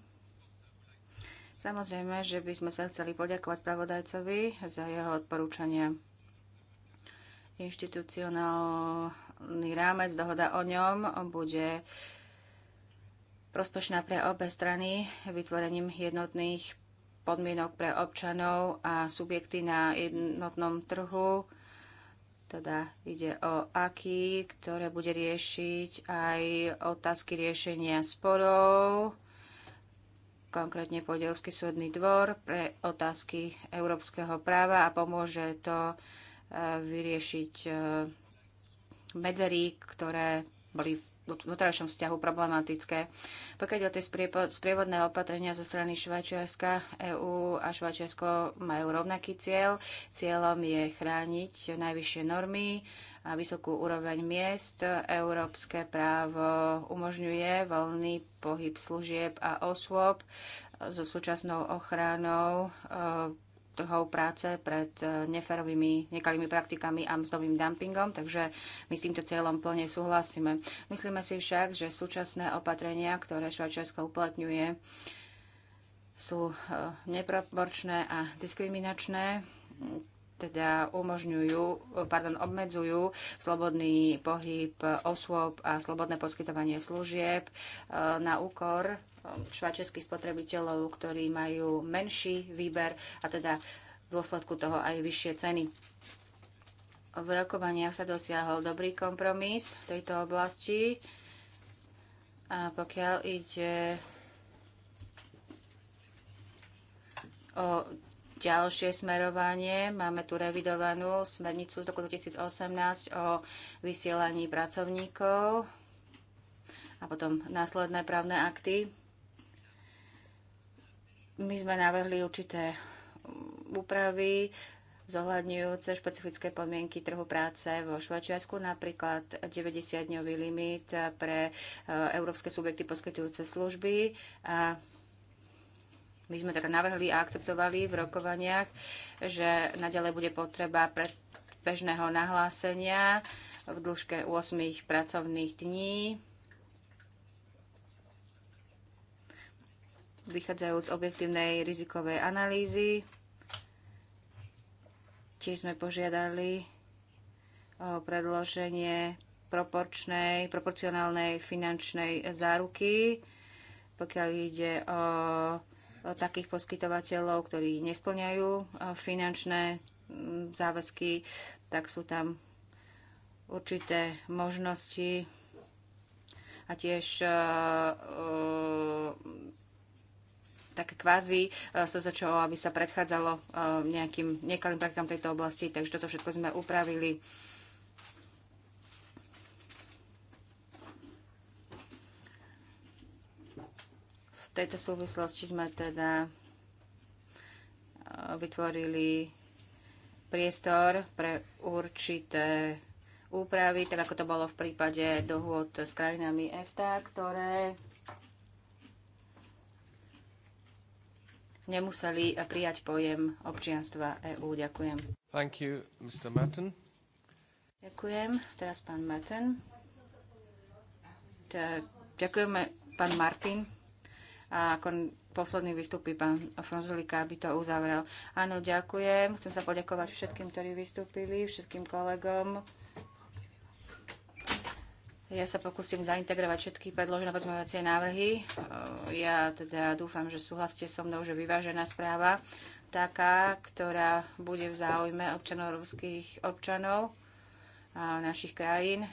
Samozrejme, že by sme sa chceli poďakovať spravodajcovi za jeho odporúčania. Inštitucionálny rámec, dohoda o ňom bude prospešná pre obe strany vytvorením jednotných podmienok pre občanov a subjekty na jednotnom trhu teda ide o aký, ktoré bude riešiť aj otázky riešenia sporov, konkrétne pôjde Európsky súdny dvor pre otázky európskeho práva a pomôže to e, vyriešiť e, medzerí, ktoré boli v doterajšom vzťahu problematické. Pokiaľ o tie sprievodné opatrenia zo strany Švajčiarska, EÚ a Švajčiarsko majú rovnaký cieľ. Cieľom je chrániť najvyššie normy a vysokú úroveň miest. Európske právo umožňuje voľný pohyb služieb a osôb so súčasnou ochranou e, trhov práce pred e, neferovými, nekalými praktikami a mzdovým dumpingom, takže my s týmto cieľom plne súhlasíme. Myslíme si však, že súčasné opatrenia, ktoré Švajčiarsko uplatňuje, sú e, neproporčné a diskriminačné, teda umožňujú, pardon, obmedzujú slobodný pohyb osôb a slobodné poskytovanie služieb e, na úkor Um, švajčiarských spotrebiteľov, ktorí majú menší výber a teda v dôsledku toho aj vyššie ceny. V rokovaniach sa dosiahol dobrý kompromis v tejto oblasti a pokiaľ ide o ďalšie smerovanie. Máme tu revidovanú smernicu z roku 2018 o vysielaní pracovníkov a potom následné právne akty. My sme navrhli určité úpravy, zohľadňujúce špecifické podmienky trhu práce vo Švajčiarsku, napríklad 90-dňový limit pre e, európske subjekty poskytujúce služby. A my sme teda navrhli a akceptovali v rokovaniach, že naďalej bude potreba predbežného nahlásenia v dĺžke 8 pracovných dní vychádzajúc z objektívnej rizikovej analýzy. Tiež sme požiadali o predloženie proporčnej, proporcionálnej finančnej záruky, pokiaľ ide o, o takých poskytovateľov, ktorí nesplňajú finančné záväzky, tak sú tam určité možnosti a tiež uh, uh, tak kvázi e, sa začalo, aby sa predchádzalo e, nejakým nekalým praktikám tejto oblasti, takže toto všetko sme upravili. V tejto súvislosti sme teda e, vytvorili priestor pre určité úpravy, tak ako to bolo v prípade dohôd s krajinami EFTA, ktoré nemuseli prijať pojem občianstva EÚ. Ďakujem. Thank you, Mr. Martin. Ďakujem. Teraz pán Martin. Ďakujeme, pán Martin. A ako posledný vystúpi pán Fronzulika, aby to uzavrel. Áno, ďakujem. Chcem sa poďakovať všetkým, ktorí vystúpili, všetkým kolegom ja sa pokúsim zaintegrovať všetky predložené pozmeňovacie návrhy. Eh, ja teda dúfam, že súhlasíte so mnou, že vyvážená správa, taká, ktorá bude v záujme občanov európskych občanov a našich krajín,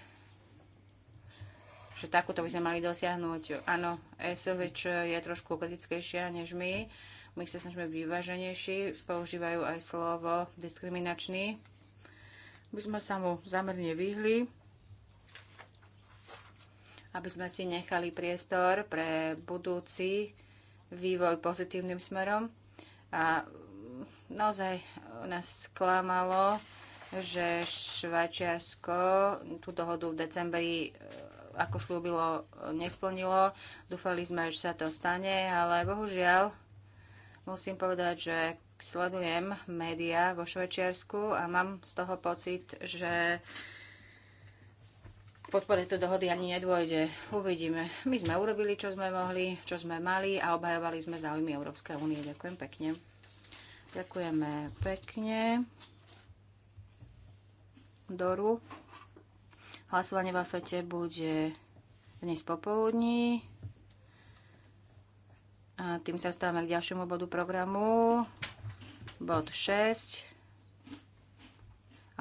že takúto by sme mali dosiahnuť. Áno, ESOVIČ je trošku kritickejšia než my. My sa snažíme byť vyváženejší, používajú aj slovo diskriminačný. My sme sa mu zamerne vyhli aby sme si nechali priestor pre budúci vývoj pozitívnym smerom. A naozaj nás sklamalo, že Švajčiarsko tú dohodu v decembri e, ako slúbilo, nesplnilo. Dúfali sme, že sa to stane, ale bohužiaľ musím povedať, že sledujem médiá vo Švajčiarsku a mám z toho pocit, že podpore tejto dohody ani nedôjde. Uvidíme. My sme urobili, čo sme mohli, čo sme mali a obhajovali sme záujmy Európskej únie. Ďakujem pekne. Ďakujeme pekne. Doru. Hlasovanie v afete bude dnes popoludní. A tým sa stávame k ďalšiemu bodu programu. Bod 6.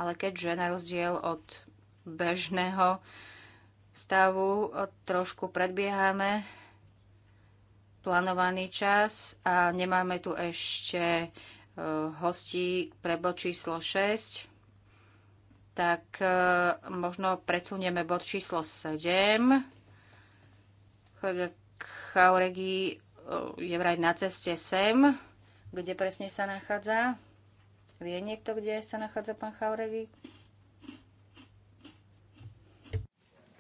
Ale keďže na rozdiel od bežného stavu. Trošku predbiehame plánovaný čas a nemáme tu ešte e, hostí pre bod číslo 6 tak e, možno predsunieme bod číslo 7. Chauregi e, je vraj na ceste sem. Kde presne sa nachádza? Vie niekto, kde sa nachádza pán Chauregi?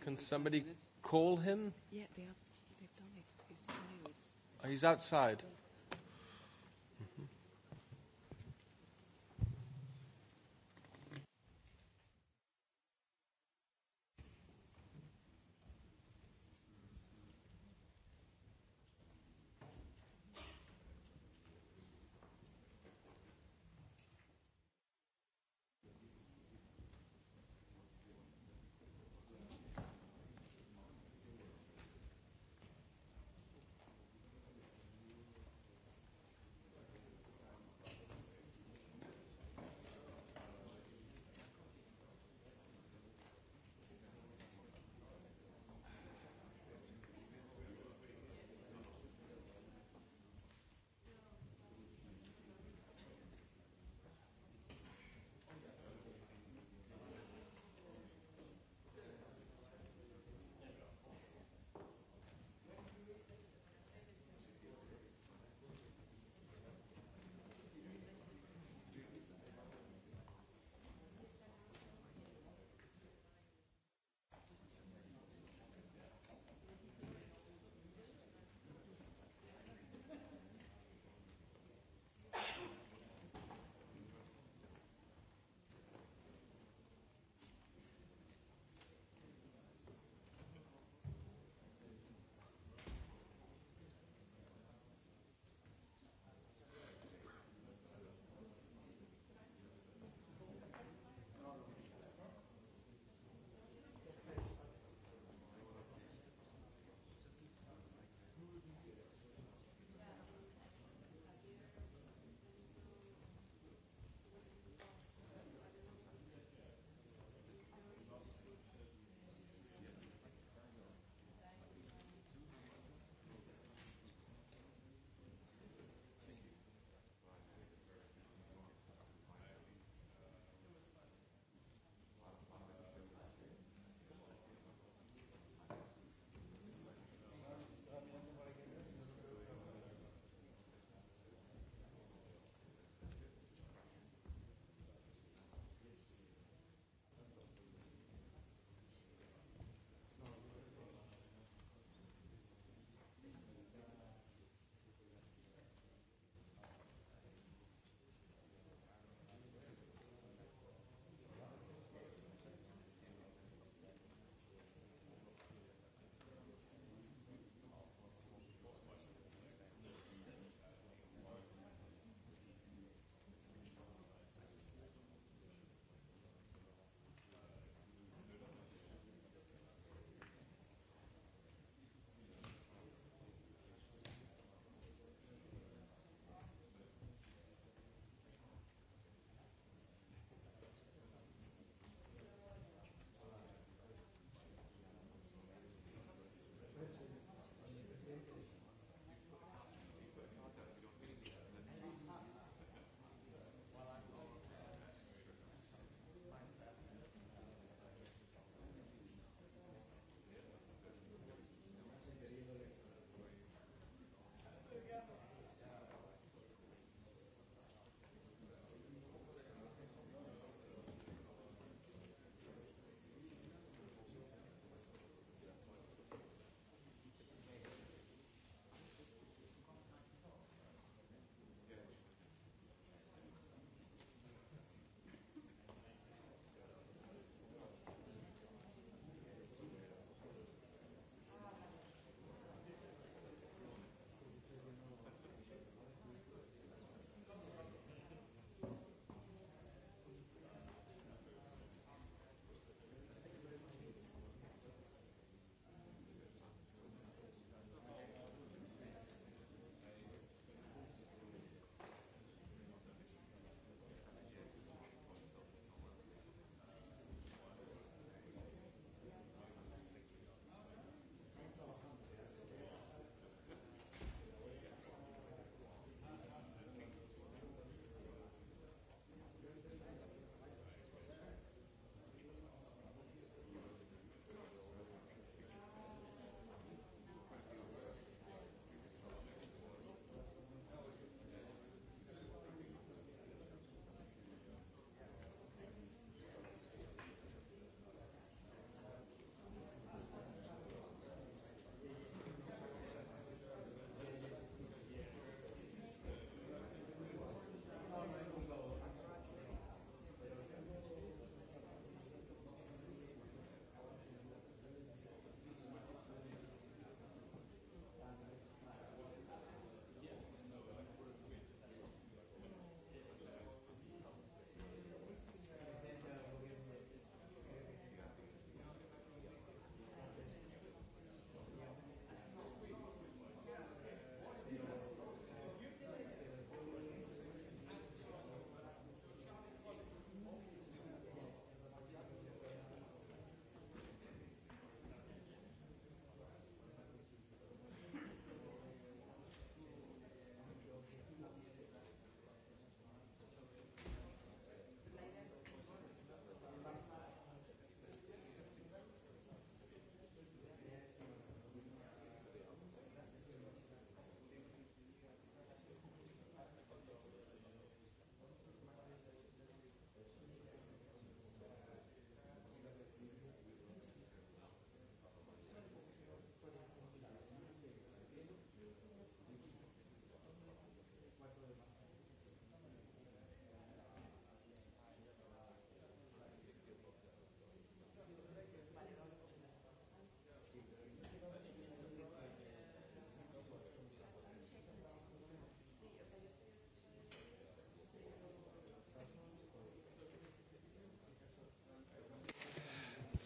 Can somebody call him? Yeah, they are, they've done it. He's, oh, he's outside.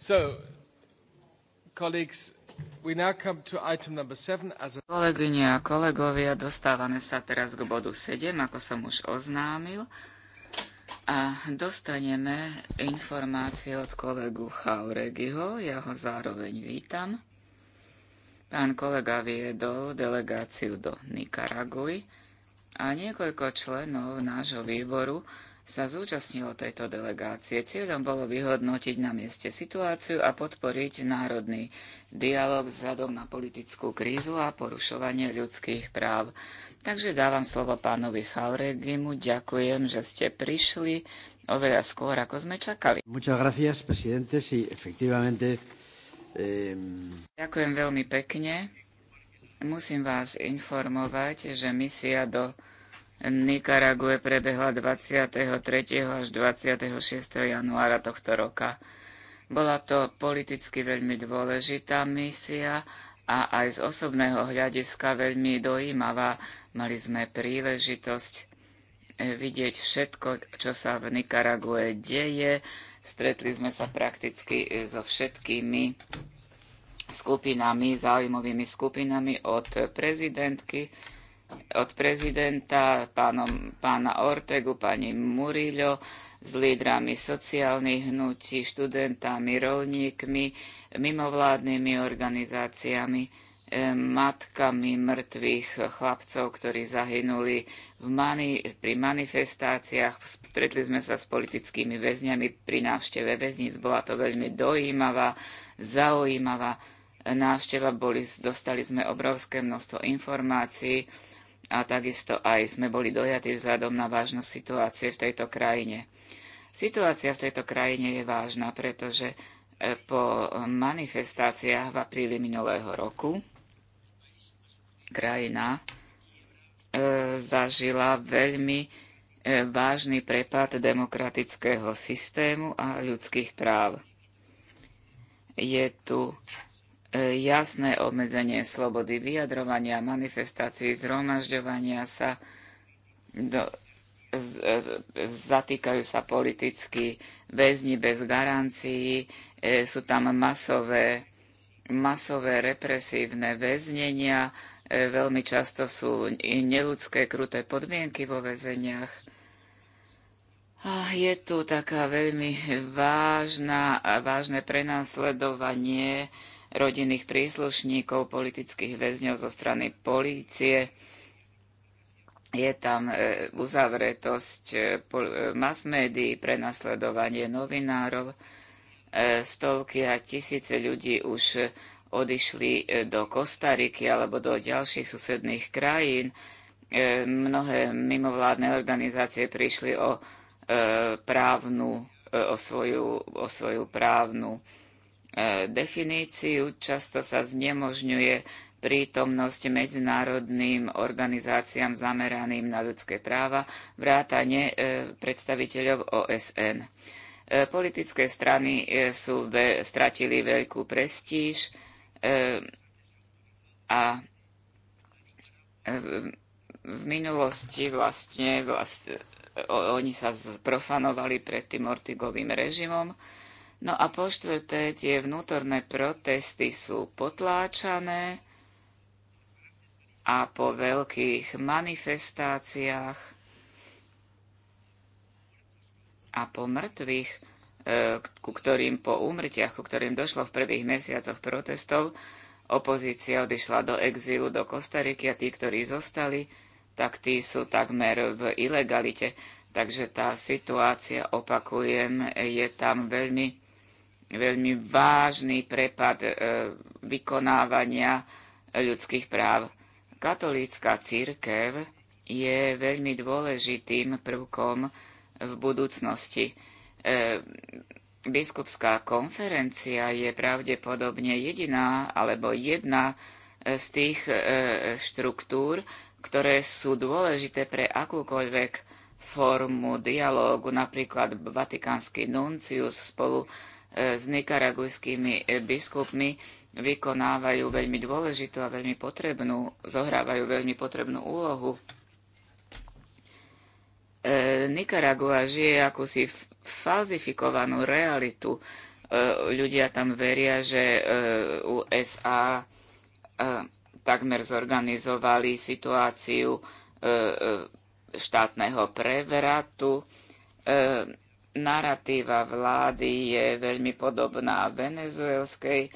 So, colleagues, we now come to item number seven as a... Kolegyne a kolegovia, dostávame sa teraz k bodu 7, ako som už oznámil. A dostaneme informácie od kolegu Chauregiho, ja ho zároveň vítam. Pán kolega viedol delegáciu do Nikaraguj a niekoľko členov nášho výboru sa zúčastnilo tejto delegácie. Cieľom bolo vyhodnotiť na mieste situáciu a podporiť národný dialog vzhľadom na politickú krízu a porušovanie ľudských práv. Takže dávam slovo pánovi Chauregimu. Ďakujem, že ste prišli oveľa skôr, ako sme čakali. Ďakujem veľmi pekne. Musím vás informovať, že misia do Nikarague prebehla 23. až 26. januára tohto roka. Bola to politicky veľmi dôležitá misia a aj z osobného hľadiska veľmi dojímavá. Mali sme príležitosť eh, vidieť všetko, čo sa v Nikarague deje. Stretli sme sa prakticky eh, so všetkými skupinami, zaujímavými skupinami od prezidentky od prezidenta, pánom, pána Ortegu, pani Murillo, s lídrami sociálnych hnutí, študentami, rolníkmi, mimovládnymi organizáciami, eh, matkami mŕtvych chlapcov, ktorí zahynuli v mani- pri manifestáciách. Stretli sme sa s politickými väzňami pri návšteve väzníc. Bola to veľmi dojímavá, zaujímavá návšteva. Boli, dostali sme obrovské množstvo informácií a takisto aj sme boli dojatí vzhľadom na vážnosť situácie v tejto krajine. Situácia v tejto krajine je vážna, pretože e, po manifestáciách v apríli minulého roku krajina e, zažila veľmi e, vážny prepad demokratického systému a ľudských práv. Je tu jasné obmedzenie slobody vyjadrovania, manifestácií, zhromažďovania sa, do, z, e, zatýkajú sa politicky väzni bez garancií, e, sú tam masové, masové represívne väznenia, e, veľmi často sú i neludské, kruté podmienky vo väzeniach. je tu taká veľmi vážna, vážne prenasledovanie rodinných príslušníkov politických väzňov zo strany polície. Je tam e, uzavretosť e, e, mass médií, prenasledovanie novinárov. Stovky a tisíce ľudí už odišli do Kostariky alebo do ďalších susedných krajín. Mnohé mimovládne organizácie prišli o právnu, o svoju, o svoju právnu E, definíciu, často sa znemožňuje prítomnosť medzinárodným organizáciám zameraným na ľudské práva, vrátane e, predstaviteľov OSN. E, politické strany sú ve, stratili veľkú prestíž a v minulosti vlastne, vlastne oni sa sprofanovali pred tým Ortigovým režimom No a po štvrté, tie vnútorné protesty sú potláčané a po veľkých manifestáciách a po mŕtvych, e, ku ktorým po úmrtiach, ku ktorým došlo v prvých mesiacoch protestov, opozícia odišla do exílu do Kostariky a tí, ktorí zostali, tak tí sú takmer v ilegalite. Takže tá situácia, opakujem, je tam veľmi veľmi vážny prepad e, vykonávania ľudských práv. Katolícka církev je veľmi dôležitým prvkom v budúcnosti. E, biskupská konferencia je pravdepodobne jediná alebo jedna z tých e, štruktúr, ktoré sú dôležité pre akúkoľvek formu dialógu, napríklad Vatikánsky nuncius spolu E, s nikaragujskými e, biskupmi vykonávajú veľmi dôležitú a veľmi potrebnú, zohrávajú veľmi potrebnú úlohu. E, Nikaragua žije akúsi falzifikovanú realitu. ľudia tam veria, že USA takmer zorganizovali situáciu štátneho prevratu Naratíva vlády je veľmi podobná venezuelskej e,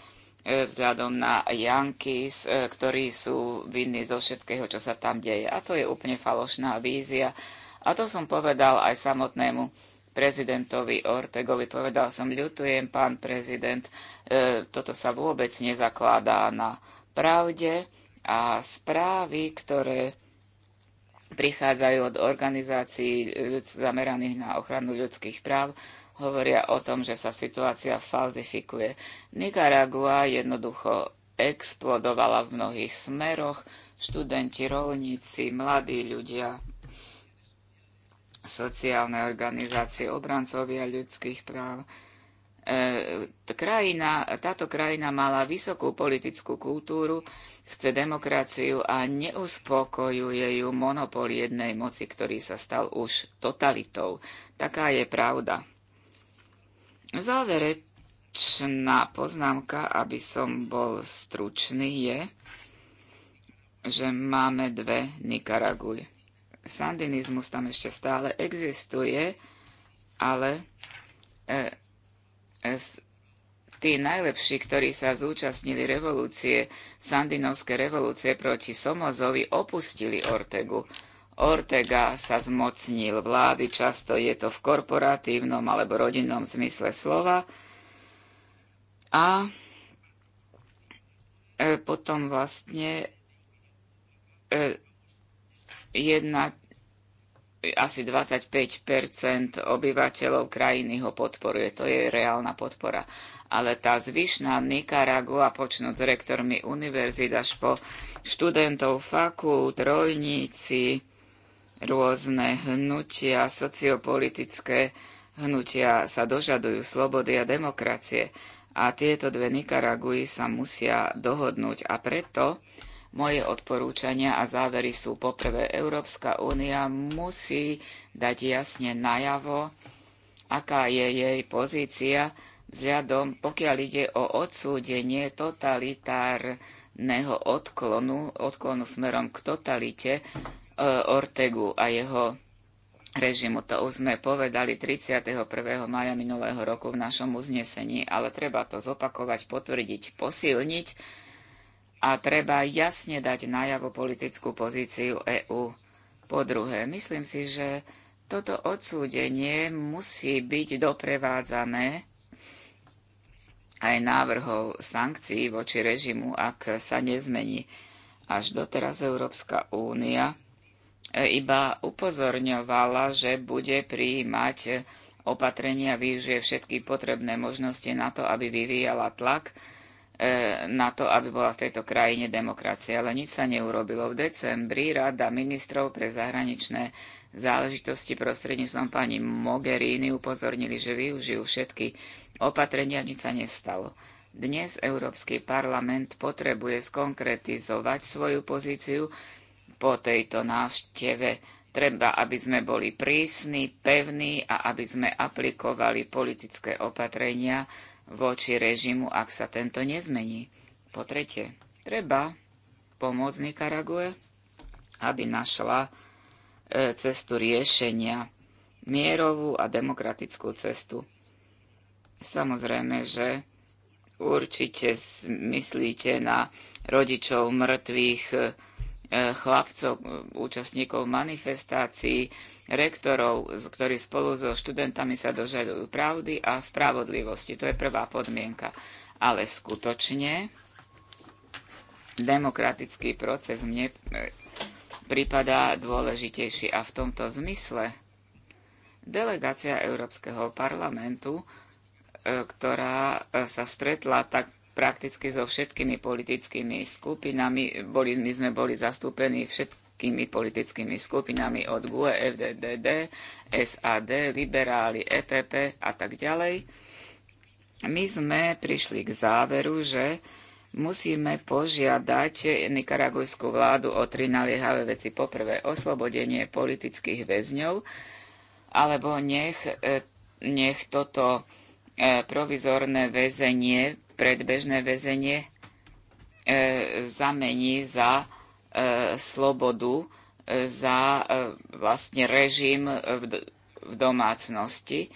vzhľadom na Yankees, e, ktorí sú vinní zo všetkého, čo sa tam deje. A to je úplne falošná vízia. A to som povedal aj samotnému prezidentovi Ortegovi. Povedal som, ľutujem, pán prezident, e, toto sa vôbec nezakladá na pravde a správy, ktoré prichádzajú od organizácií zameraných na ochranu ľudských práv, hovoria o tom, že sa situácia falzifikuje. Nicaragua jednoducho explodovala v mnohých smeroch, študenti, rolníci, mladí ľudia, sociálne organizácie, obrancovia ľudských práv. E, krajina, táto krajina mala vysokú politickú kultúru, chce demokraciu a neuspokojuje ju monopol jednej moci, ktorý sa stal už totalitou. Taká je pravda. Záverečná poznámka, aby som bol stručný, je, že máme dve Nikaraguj. Sandinizmus tam ešte stále existuje, ale e, tí najlepší, ktorí sa zúčastnili revolúcie, sandinovské revolúcie proti Somozovi, opustili Ortegu. Ortega sa zmocnil vlády, často je to v korporatívnom alebo rodinnom zmysle slova. A e, potom vlastne e, jedna asi 25 obyvateľov krajiny ho podporuje. To je reálna podpora. Ale tá zvyšná Nikaragua, počnúť s rektormi univerzít až po študentov fakult, rojníci, rôzne hnutia, sociopolitické hnutia sa dožadujú slobody a demokracie. A tieto dve Nikaraguji sa musia dohodnúť. A preto moje odporúčania a závery sú poprvé, Európska únia musí dať jasne najavo, aká je jej pozícia vzhľadom, pokiaľ ide o odsúdenie totalitárneho odklonu, odklonu smerom k totalite e, Ortegu a jeho režimu. To už sme povedali 31. maja minulého roku v našom uznesení, ale treba to zopakovať, potvrdiť, posilniť a treba jasne dať najavo politickú pozíciu EÚ. Po druhé, myslím si, že toto odsúdenie musí byť doprevádzané aj návrhov sankcií voči režimu, ak sa nezmení. Až doteraz Európska únia e, iba upozorňovala, že bude prijímať opatrenia, využije všetky potrebné možnosti na to, aby vyvíjala tlak E, na to, aby bola v tejto krajine demokracia. Ale nič sa neurobilo. V decembri Rada ministrov pre zahraničné záležitosti prostredníctvom pani Mogherini upozornili, že využijú všetky opatrenia, nič sa nestalo. Dnes Európsky parlament potrebuje skonkretizovať svoju pozíciu po tejto návšteve. Treba, aby sme boli prísni, pevní a aby sme aplikovali politické opatrenia, voči režimu, ak sa tento nezmení. Po tretie, treba pomôcť Nikarague, aby našla e, cestu riešenia, mierovú a demokratickú cestu. Samozrejme, že určite myslíte na rodičov mŕtvych, E, chlapcov, e, účastníkov manifestácií, rektorov, ktorí spolu so študentami sa dožadujú pravdy a spravodlivosti. To je prvá podmienka. Ale skutočne demokratický proces mne e, pripadá dôležitejší a v tomto zmysle delegácia Európskeho parlamentu, ktorá sa stretla tak prakticky so všetkými politickými skupinami. Boli, my sme boli zastúpení všetkými politickými skupinami od GUE, FDDD, SAD, liberáli, EPP a tak ďalej. My sme prišli k záveru, že musíme požiadať nikaragujskú vládu o tri naliehavé veci. Poprvé, oslobodenie politických väzňov, alebo nech, e, nech toto e, provizorné väzenie predbežné väzenie e, zamení za e, slobodu, e, za e, vlastne režim v, v domácnosti,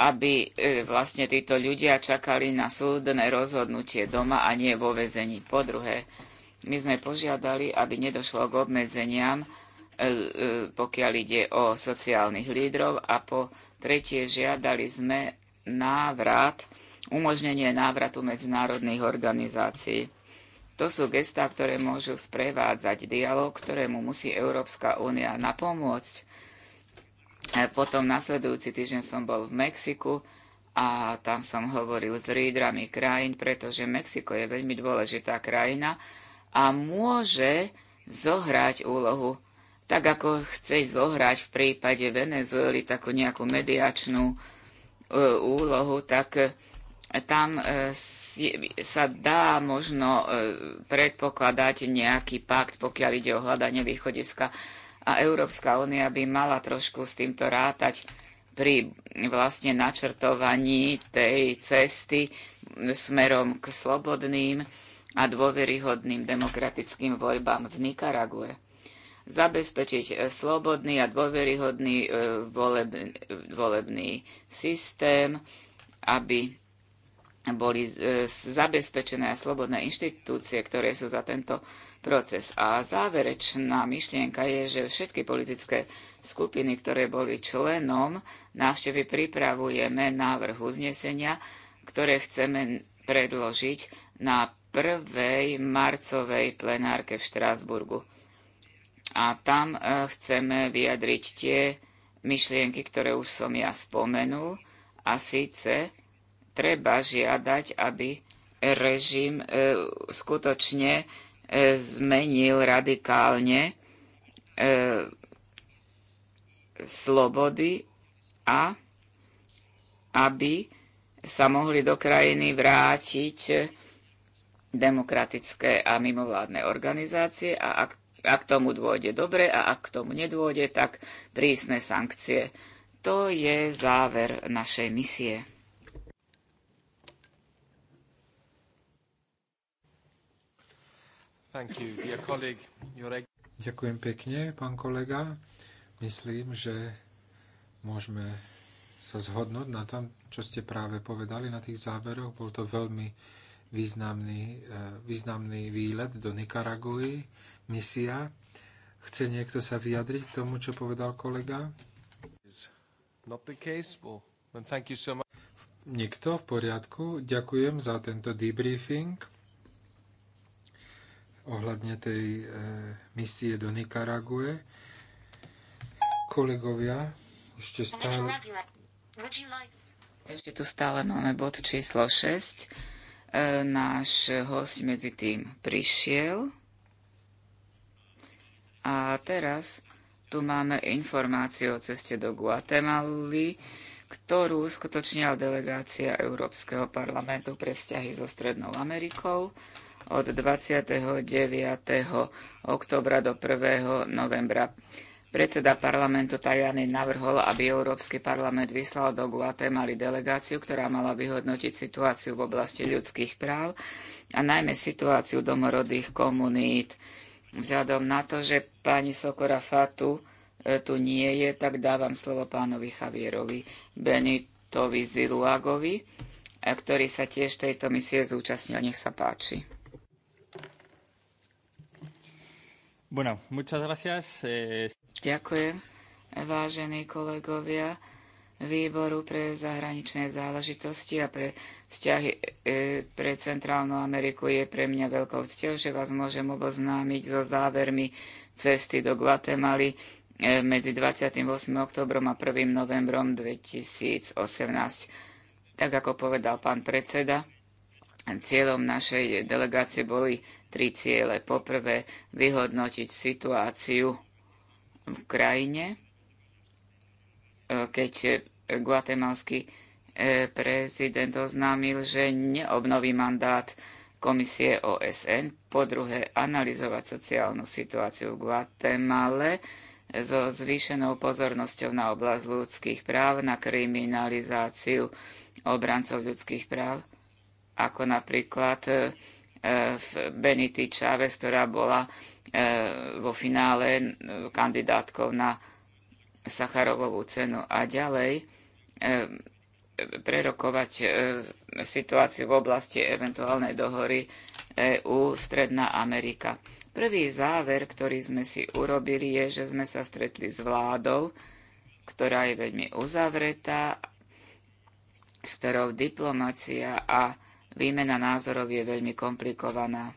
aby e, vlastne títo ľudia čakali na súdne rozhodnutie doma a nie vo väzení. Po druhé, my sme požiadali, aby nedošlo k obmedzeniam, e, pokiaľ ide o sociálnych lídrov a po tretie žiadali sme návrat umožnenie návratu medzinárodných organizácií. To sú gestá, ktoré môžu sprevádzať dialog, ktorému musí Európska únia napomôcť. E, Potom nasledujúci týždeň som bol v Mexiku a tam som hovoril s rídrami krajín, pretože Mexiko je veľmi dôležitá krajina a môže zohrať úlohu, tak ako chce zohrať v prípade Venezuely takú nejakú mediačnú e, úlohu, tak tam e, sa dá možno e, predpokladať nejaký pakt, pokiaľ ide o hľadanie východiska. A Európska únia by mala trošku s týmto rátať pri vlastne načrtovaní tej cesty smerom k slobodným a dôveryhodným demokratickým voľbám v Nikarague. Zabezpečiť e, slobodný a dôveryhodný volebný systém, aby boli e, zabezpečené a slobodné inštitúcie, ktoré sú za tento proces. A záverečná myšlienka je, že všetky politické skupiny, ktoré boli členom návštevy, pripravujeme návrh uznesenia, ktoré chceme predložiť na prvej marcovej plenárke v Štrásburgu. A tam e, chceme vyjadriť tie myšlienky, ktoré už som ja spomenul, a síce treba žiadať, aby režim e, skutočne e, zmenil radikálne e, slobody a aby sa mohli do krajiny vrátiť demokratické a mimovládne organizácie a ak, ak tomu dôjde dobre a ak k tomu nedôjde, tak prísne sankcie. To je záver našej misie. Ďakujem pekne, pán kolega. Myslím, že môžeme sa zhodnúť na tom, čo ste práve povedali na tých záveroch. Bol to veľmi významný, e, významný výlet do Nikaraguji, misia. Chce niekto sa vyjadriť k tomu, čo povedal kolega? Nikto v poriadku. Ďakujem za tento debriefing ohľadne tej e, misie do Nikarague. Kolegovia, ešte stále... Ešte tu stále máme bod číslo 6. E, náš host medzi tým prišiel. A teraz tu máme informáciu o ceste do Guatemaly, ktorú skutočnila delegácia Európskeho parlamentu pre vzťahy so Strednou Amerikou od 29. oktobra do 1. novembra. Predseda parlamentu Tajany navrhol, aby Európsky parlament vyslal do Guatemaly delegáciu, ktorá mala vyhodnotiť situáciu v oblasti ľudských práv a najmä situáciu domorodých komunít. Vzhľadom na to, že pani Sokora Fatu e, tu nie je, tak dávam slovo pánovi Javierovi Benitovi Ziluagovi, e, ktorý sa tiež tejto misie zúčastnil. Nech sa páči. Bueno, muchas gracias. Eh, Ďakujem, vážení kolegovia výboru pre zahraničné záležitosti a pre vzťahy e, pre Centrálnu Ameriku je pre mňa veľkou cťou, že vás môžem oboznámiť so závermi cesty do Guatemaly e, medzi 28. oktobrom a 1. novembrom 2018. Tak ako povedal pán predseda, Cieľom našej delegácie boli tri ciele. Poprvé, vyhodnotiť situáciu v krajine, e, keď e, guatemalský e, prezident oznámil, že neobnoví mandát komisie OSN. Po druhé, analyzovať sociálnu situáciu v Guatemale so zvýšenou pozornosťou na oblasť ľudských práv, na kriminalizáciu obrancov ľudských práv ako napríklad e, e, v Benity Chávez, ktorá bola e, vo finále kandidátkou na Sacharovovú cenu a ďalej prerokovať situáciu v oblasti eventuálnej dohory EU Stredná Amerika. Prvý záver, ktorý sme si urobili, je, že sme sa stretli s vládou, ktorá je veľmi uzavretá, s ktorou diplomácia. a Výmena názorov je veľmi komplikovaná.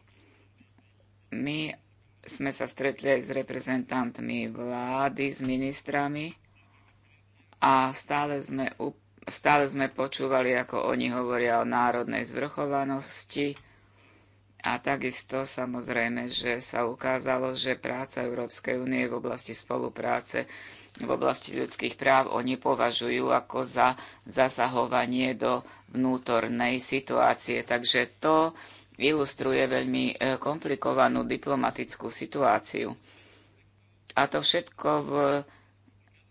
My sme sa stretli aj s reprezentantmi vlády, s ministrami a stále sme, stále sme počúvali, ako oni hovoria o národnej zvrchovanosti a takisto samozrejme, že sa ukázalo, že práca Európskej únie v oblasti spolupráce v oblasti ľudských práv oni považujú ako za zasahovanie do vnútornej situácie. Takže to ilustruje veľmi e, komplikovanú diplomatickú situáciu. A to všetko v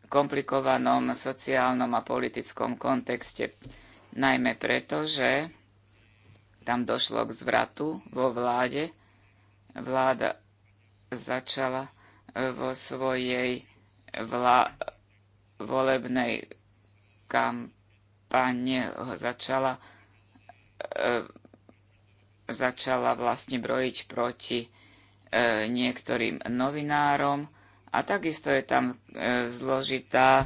komplikovanom sociálnom a politickom kontexte. Najmä preto, že tam došlo k zvratu vo vláde. Vláda začala e, vo svojej vla, volebnej kampane začala, e, začala vlastne brojiť proti e, niektorým novinárom a takisto je tam e, zložitá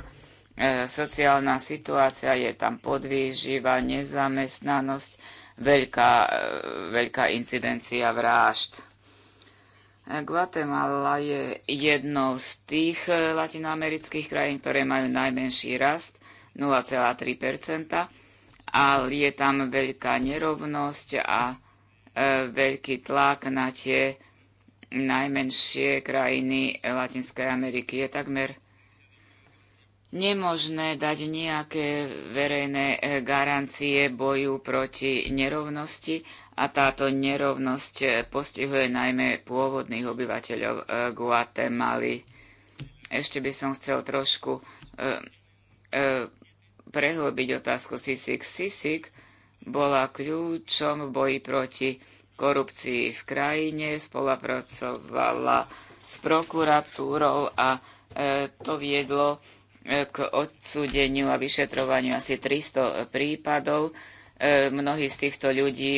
e, sociálna situácia, je tam podvýživa, nezamestnanosť, veľká, e, veľká incidencia vražd. Guatemala je jednou z tých eh, latinoamerických krajín, ktoré majú najmenší rast, 0,3%, ale je tam veľká nerovnosť a eh, veľký tlak na tie najmenšie krajiny Latinskej Ameriky. Je takmer nemožné dať nejaké verejné eh, garancie boju proti nerovnosti a táto nerovnosť eh, postihuje najmä pôvodných obyvateľov eh, Guatemaly. Ešte by som chcel trošku eh, prehlbiť otázku Sisik. Sisik bola kľúčom v boji proti korupcii v krajine, spolupracovala s prokuratúrou a to viedlo k odsúdeniu a vyšetrovaniu asi 300 prípadov E, mnohí z týchto ľudí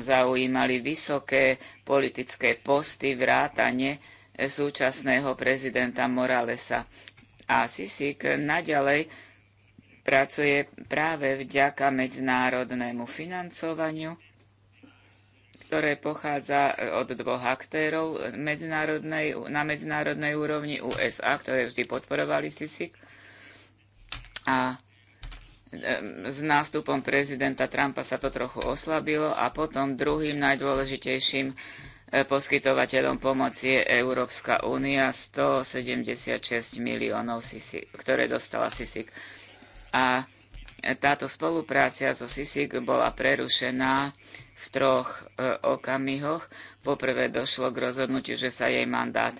zaujímali vysoké politické posty vrátane e, súčasného prezidenta Moralesa. A Sisik naďalej pracuje práve vďaka medzinárodnému financovaniu, ktoré pochádza e, od dvoch aktérov medzinárodnej, na medzinárodnej úrovni USA, ktoré vždy podporovali Sisik, a s nástupom prezidenta Trumpa sa to trochu oslabilo a potom druhým najdôležitejším e, poskytovateľom pomoci je Európska únia 176 miliónov, ktoré dostala SISIK. A táto spolupráca so SISIK bola prerušená v troch e, okamihoch. Poprvé došlo k rozhodnutiu, že sa jej mandát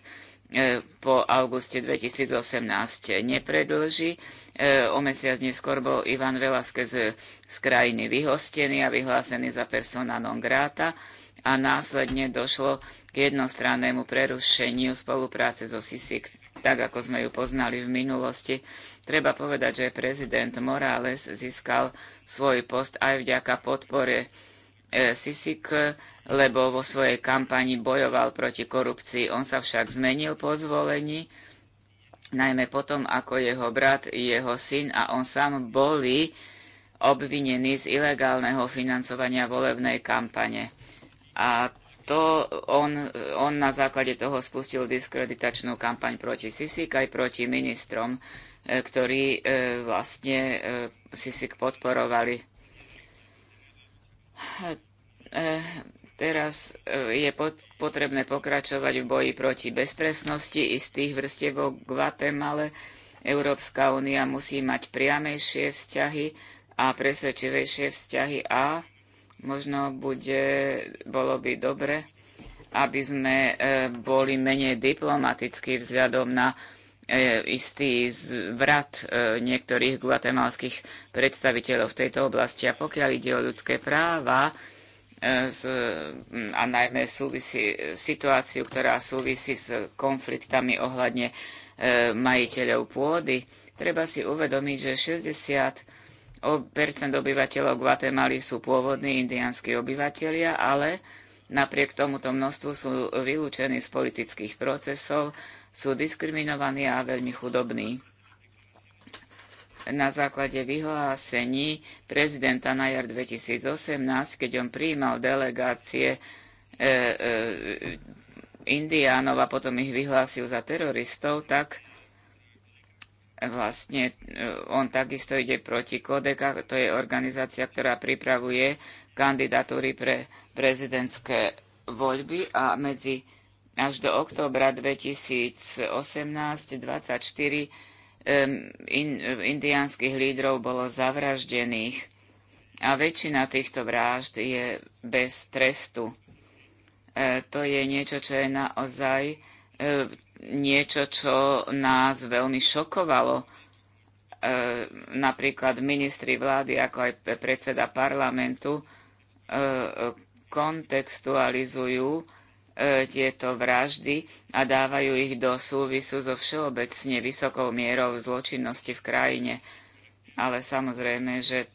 E, po auguste 2018 nepredlží. E, o mesiac neskôr bol Ivan Velázquez z krajiny vyhostený a vyhlásený za persona non grata a následne došlo k jednostrannému prerušeniu spolupráce so SISIK, tak ako sme ju poznali v minulosti. Treba povedať, že prezident Morales získal svoj post aj vďaka podpore E, Sisik, lebo vo svojej kampani bojoval proti korupcii. On sa však zmenil po zvolení, najmä potom, ako jeho brat, jeho syn a on sám boli obvinení z ilegálneho financovania volebnej kampane. A to on, on na základe toho spustil diskreditačnú kampaň proti Sisik aj proti ministrom, e, ktorí e, vlastne Sisik podporovali Eh, teraz eh, je potrebné pokračovať v boji proti beztresnosti istých vrstiev vo Guatemale. Európska únia musí mať priamejšie vzťahy a presvedčivejšie vzťahy a možno bude, bolo by dobre, aby sme eh, boli menej diplomatickí vzhľadom na E, istý zvrat e, niektorých guatemalských predstaviteľov v tejto oblasti. A pokiaľ ide o ľudské práva e, a najmä súvisí, situáciu, ktorá súvisí s konfliktami ohľadne majiteľov pôdy, treba si uvedomiť, že 60 obyvateľov Guatemaly sú pôvodní indianskí obyvateľia, ale Napriek tomuto množstvu sú vylúčení z politických procesov, sú diskriminovaní a veľmi chudobní. Na základe vyhlásení prezidenta na jar 2018, keď on prijímal delegácie e, e, indiánov a potom ich vyhlásil za teroristov, tak vlastne e, on takisto ide proti Kodeka, to je organizácia, ktorá pripravuje kandidatúry pre prezidentské voľby a medzi až do októbra 2018 24 indiánskych lídrov bolo zavraždených a väčšina týchto vražd je bez trestu. E, to je niečo, čo je naozaj e, niečo, čo nás veľmi šokovalo. E, napríklad ministri vlády, ako aj predseda parlamentu, kontextualizujú e, tieto vraždy a dávajú ich do súvisu so všeobecne vysokou mierou zločinnosti v krajine. Ale samozrejme, že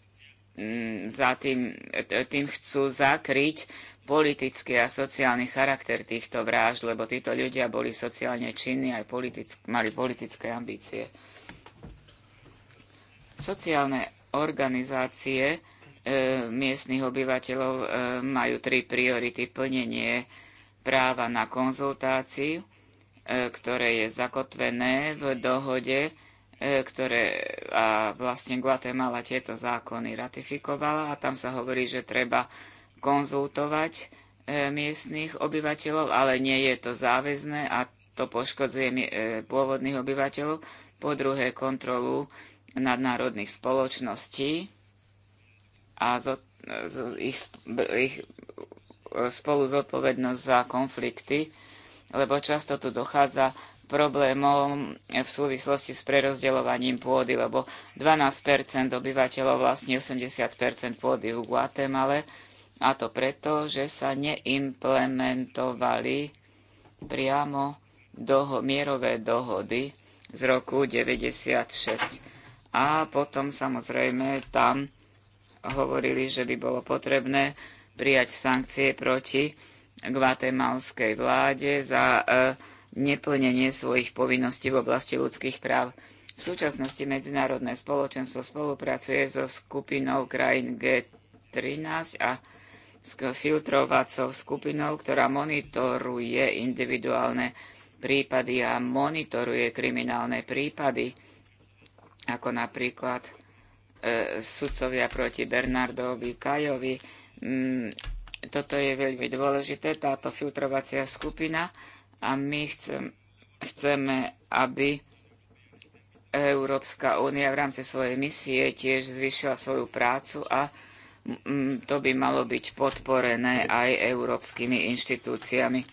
mm, za tým, tým chcú zakryť politický a sociálny charakter týchto vražd, lebo títo ľudia boli sociálne činní aj politick- mali politické ambície. Sociálne organizácie E, miestnych obyvateľov e, majú tri priority. Plnenie práva na konzultáciu, e, ktoré je zakotvené v dohode, ktoré a vlastne Guatemala tieto zákony ratifikovala a tam sa hovorí, že treba konzultovať miestnych obyvateľov, ale nie je to záväzné a to poškodzuje pôvodných obyvateľov. Po druhé, kontrolu nadnárodných spoločností a zo, z, ich, ich spolu zodpovednosť za konflikty, lebo často tu dochádza problémom v súvislosti s prerozdeľovaním pôdy, lebo 12 obyvateľov vlastní 80 pôdy v Guatemale, a to preto, že sa neimplementovali priamo doho- mierové dohody z roku 96. A potom samozrejme tam hovorili, že by bolo potrebné prijať sankcie proti guatemalskej vláde za e, neplnenie svojich povinností v oblasti ľudských práv. V súčasnosti medzinárodné spoločenstvo spolupracuje so skupinou krajín G13 a s filtrovacou skupinou, ktorá monitoruje individuálne prípady a monitoruje kriminálne prípady, ako napríklad E, sudcovia proti Bernardovi Kajovi. Mm, toto je veľmi dôležité, táto filtrovacia skupina a my chcem, chceme, aby Európska únia v rámci svojej misie tiež zvyšila svoju prácu a mm, to by malo byť podporené aj európskymi inštitúciami.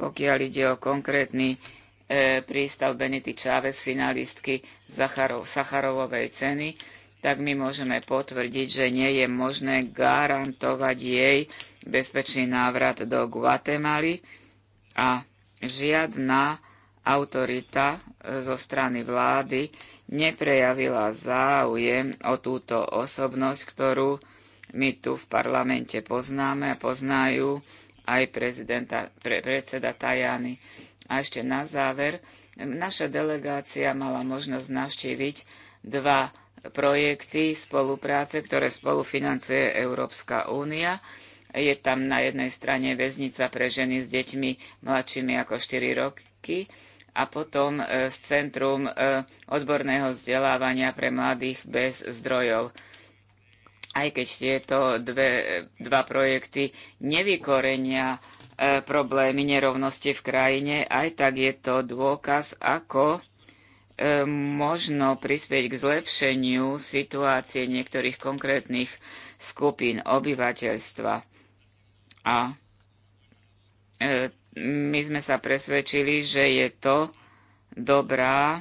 Pokiaľ ide o konkrétny e, prístav Benity Chávez, finalistky Sacharovovej ceny, tak my môžeme potvrdiť, že nie je možné garantovať jej bezpečný návrat do Guatemaly a žiadna autorita zo strany vlády neprejavila záujem o túto osobnosť, ktorú my tu v parlamente poznáme a poznajú aj prezidenta, pre, predseda Tajany. A ešte na záver, naša delegácia mala možnosť navštíviť dva projekty spolupráce, ktoré spolufinancuje Európska únia. Je tam na jednej strane väznica pre ženy s deťmi mladšími ako 4 roky a potom z e, Centrum e, odborného vzdelávania pre mladých bez zdrojov. Aj keď tieto dve, dva projekty nevykorenia e, problémy nerovnosti v krajine, aj tak je to dôkaz, ako E, možno prispieť k zlepšeniu situácie niektorých konkrétnych skupín obyvateľstva. A e, my sme sa presvedčili, že je to dobrá,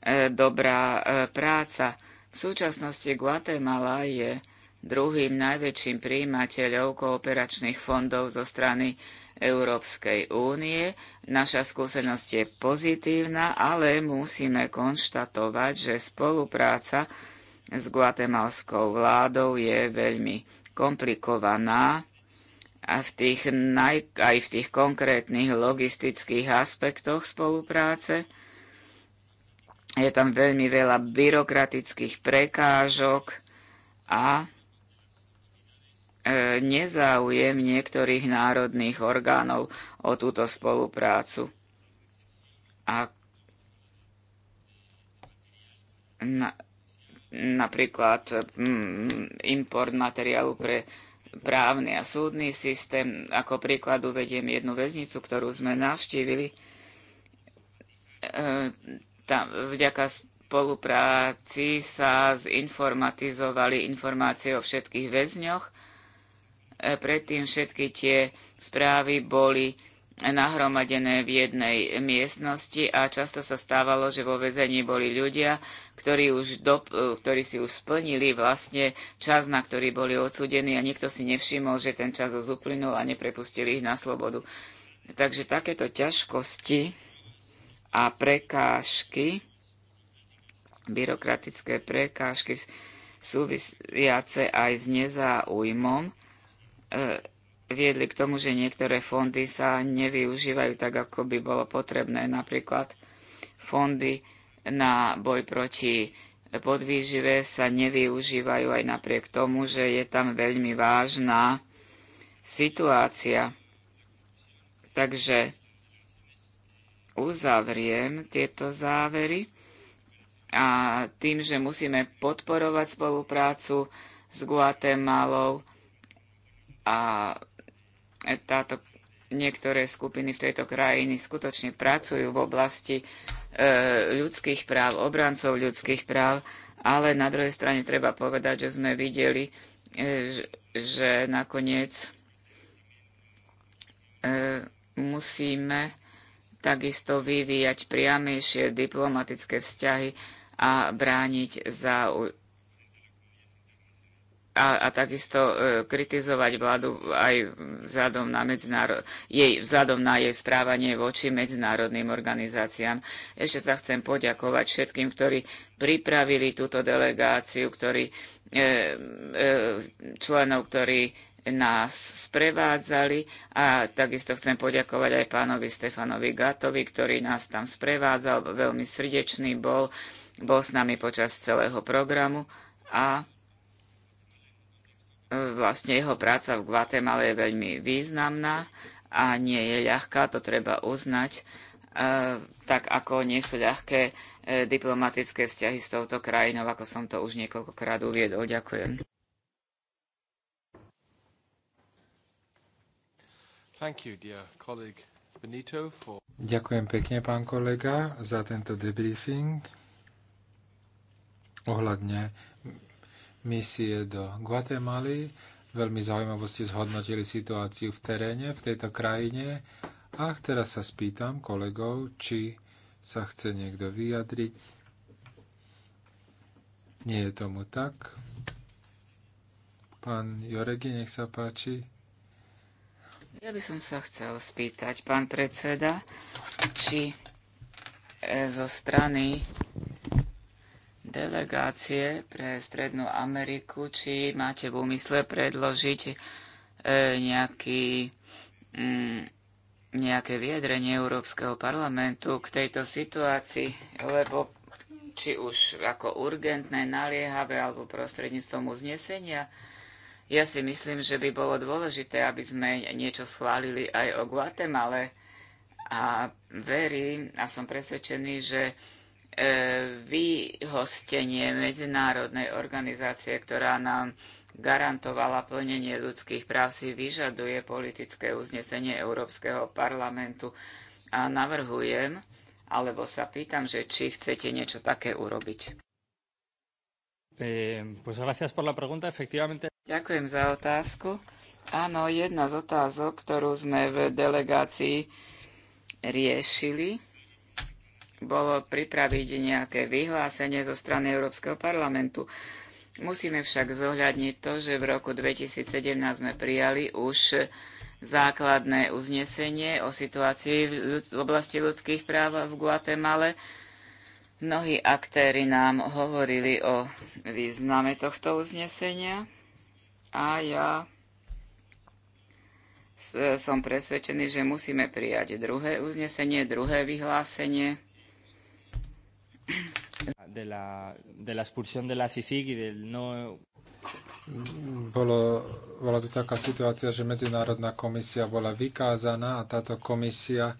e, dobrá práca. V súčasnosti Guatemala je druhým najväčším príjimateľom kooperačných fondov zo strany Európskej únie. Naša skúsenosť je pozitívna, ale musíme konštatovať, že spolupráca s guatemalskou vládou je veľmi komplikovaná a v tých naj, aj v tých konkrétnych logistických aspektoch spolupráce. Je tam veľmi veľa byrokratických prekážok a E, nezáujem niektorých národných orgánov o túto spoluprácu. A na, napríklad m, mm, import materiálu pre právny a súdny systém. Ako príklad uvediem jednu väznicu, ktorú sme navštívili. E, tam, vďaka spolupráci sa zinformatizovali informácie o všetkých väzňoch E, predtým všetky tie správy boli nahromadené v jednej miestnosti a často sa stávalo, že vo väzení boli ľudia, ktorí, už do, e, ktorí si už splnili vlastne čas, na ktorý boli odsudení a nikto si nevšimol, že ten čas už uplynul a neprepustili ich na slobodu. Takže takéto ťažkosti a prekážky, byrokratické prekážky súvisiace aj s nezáujmom, E, viedli k tomu, že niektoré fondy sa nevyužívajú tak, ako by bolo potrebné. Napríklad fondy na boj proti podvýžive sa nevyužívajú aj napriek tomu, že je tam veľmi vážna situácia. Takže uzavriem tieto závery a tým, že musíme podporovať spoluprácu s Guatemalou, a táto, niektoré skupiny v tejto krajiny skutočne pracujú v oblasti e, ľudských práv, obrancov ľudských práv, ale na druhej strane treba povedať, že sme videli, e, že nakoniec e, musíme takisto vyvíjať priamejšie diplomatické vzťahy a brániť za a, a takisto e, kritizovať vládu aj vzhľadom na, medzinárod, jej, vzhľadom na jej správanie voči medzinárodným organizáciám. Ešte sa chcem poďakovať všetkým, ktorí pripravili túto delegáciu, ktorí, e, e, členov, ktorí nás sprevádzali a takisto chcem poďakovať aj pánovi Stefanovi Gatovi, ktorý nás tam sprevádzal, veľmi srdečný bol, bol s nami počas celého programu a vlastne jeho práca v Guatemala je veľmi významná a nie je ľahká, to treba uznať, e, tak ako nie sú ľahké e, diplomatické vzťahy s touto krajinou, ako som to už niekoľkokrát uviedol. Ďakujem. You, Benito, for... Ďakujem pekne, pán kolega, za tento debriefing ohľadne misie do Guatemaly. Veľmi zaujímavo ste zhodnotili situáciu v teréne, v tejto krajine. A teraz sa spýtam kolegov, či sa chce niekto vyjadriť. Nie je tomu tak. Pán Joregi, nech sa páči. Ja by som sa chcel spýtať, pán predseda, či e, zo strany delegácie pre Strednú Ameriku, či máte v úmysle predložiť e, nejaký, mm, nejaké vyjadrenie Európskeho parlamentu k tejto situácii, lebo či už ako urgentné, naliehavé alebo prostredníctvom uznesenia. Ja si myslím, že by bolo dôležité, aby sme niečo schválili aj o Guatemale a verím a som presvedčený, že E, vyhostenie medzinárodnej organizácie, ktorá nám garantovala plnenie ľudských práv, si vyžaduje politické uznesenie Európskeho parlamentu. A navrhujem, alebo sa pýtam, že či chcete niečo také urobiť. E, Ďakujem za otázku. Áno, jedna z otázok, ktorú sme v delegácii riešili, bolo pripraviť nejaké vyhlásenie zo strany Európskeho parlamentu. Musíme však zohľadniť to, že v roku 2017 sme prijali už základné uznesenie o situácii v, v oblasti ľudských práv v Guatemale. Mnohí aktéry nám hovorili o význame tohto uznesenia a ja som presvedčený, že musíme prijať druhé uznesenie, druhé vyhlásenie De la, de la expulsión de la CICIG y del no... Bolo, bola tu taká situácia, že Medzinárodná komisia bola vykázaná a táto komisia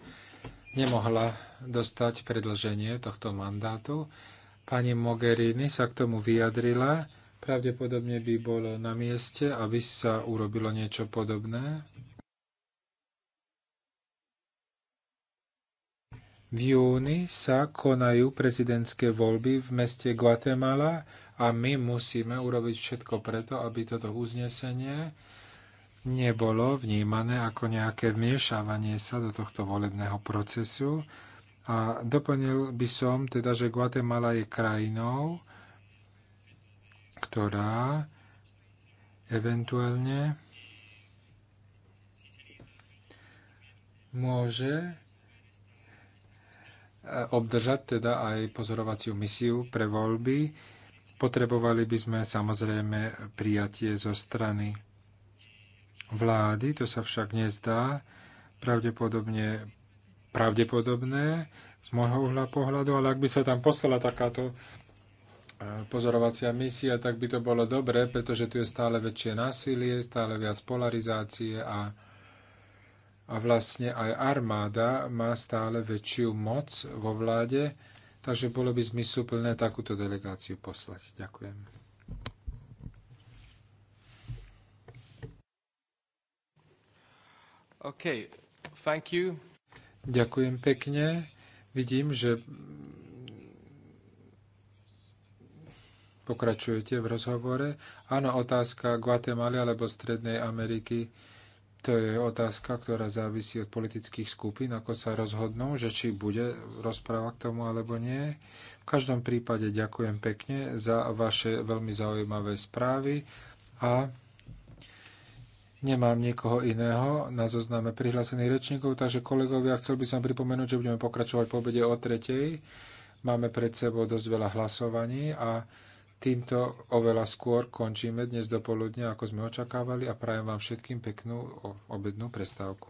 nemohla dostať predlženie tohto mandátu. Pani Mogherini sa k tomu vyjadrila. Pravdepodobne by bolo na mieste, aby sa urobilo niečo podobné. V júni sa konajú prezidentské voľby v meste Guatemala a my musíme urobiť všetko preto, aby toto uznesenie nebolo vnímané ako nejaké vmiešávanie sa do tohto volebného procesu. A doplnil by som teda, že Guatemala je krajinou, ktorá eventuálne môže obdržať teda aj pozorovaciu misiu pre voľby. Potrebovali by sme samozrejme prijatie zo strany vlády, to sa však nezdá pravdepodobne pravdepodobné z môjho uhla pohľadu, ale ak by sa tam poslala takáto e, pozorovacia misia, tak by to bolo dobré, pretože tu je stále väčšie násilie, stále viac polarizácie a a vlastne aj armáda má stále väčšiu moc vo vláde, takže bolo by zmysluplné takúto delegáciu poslať. Ďakujem. OK, thank you. Ďakujem pekne. Vidím, že pokračujete v rozhovore. Áno, otázka Guatemala alebo Strednej Ameriky to je otázka, ktorá závisí od politických skupín, ako sa rozhodnú, že či bude rozpráva k tomu alebo nie. V každom prípade ďakujem pekne za vaše veľmi zaujímavé správy a Nemám niekoho iného na zozname prihlásených rečníkov, takže kolegovia, chcel by som pripomenúť, že budeme pokračovať po obede o tretej. Máme pred sebou dosť veľa hlasovaní a Týmto oveľa skôr končíme dnes dopoludne, ako sme očakávali a prajem vám všetkým peknú obednú prestávku.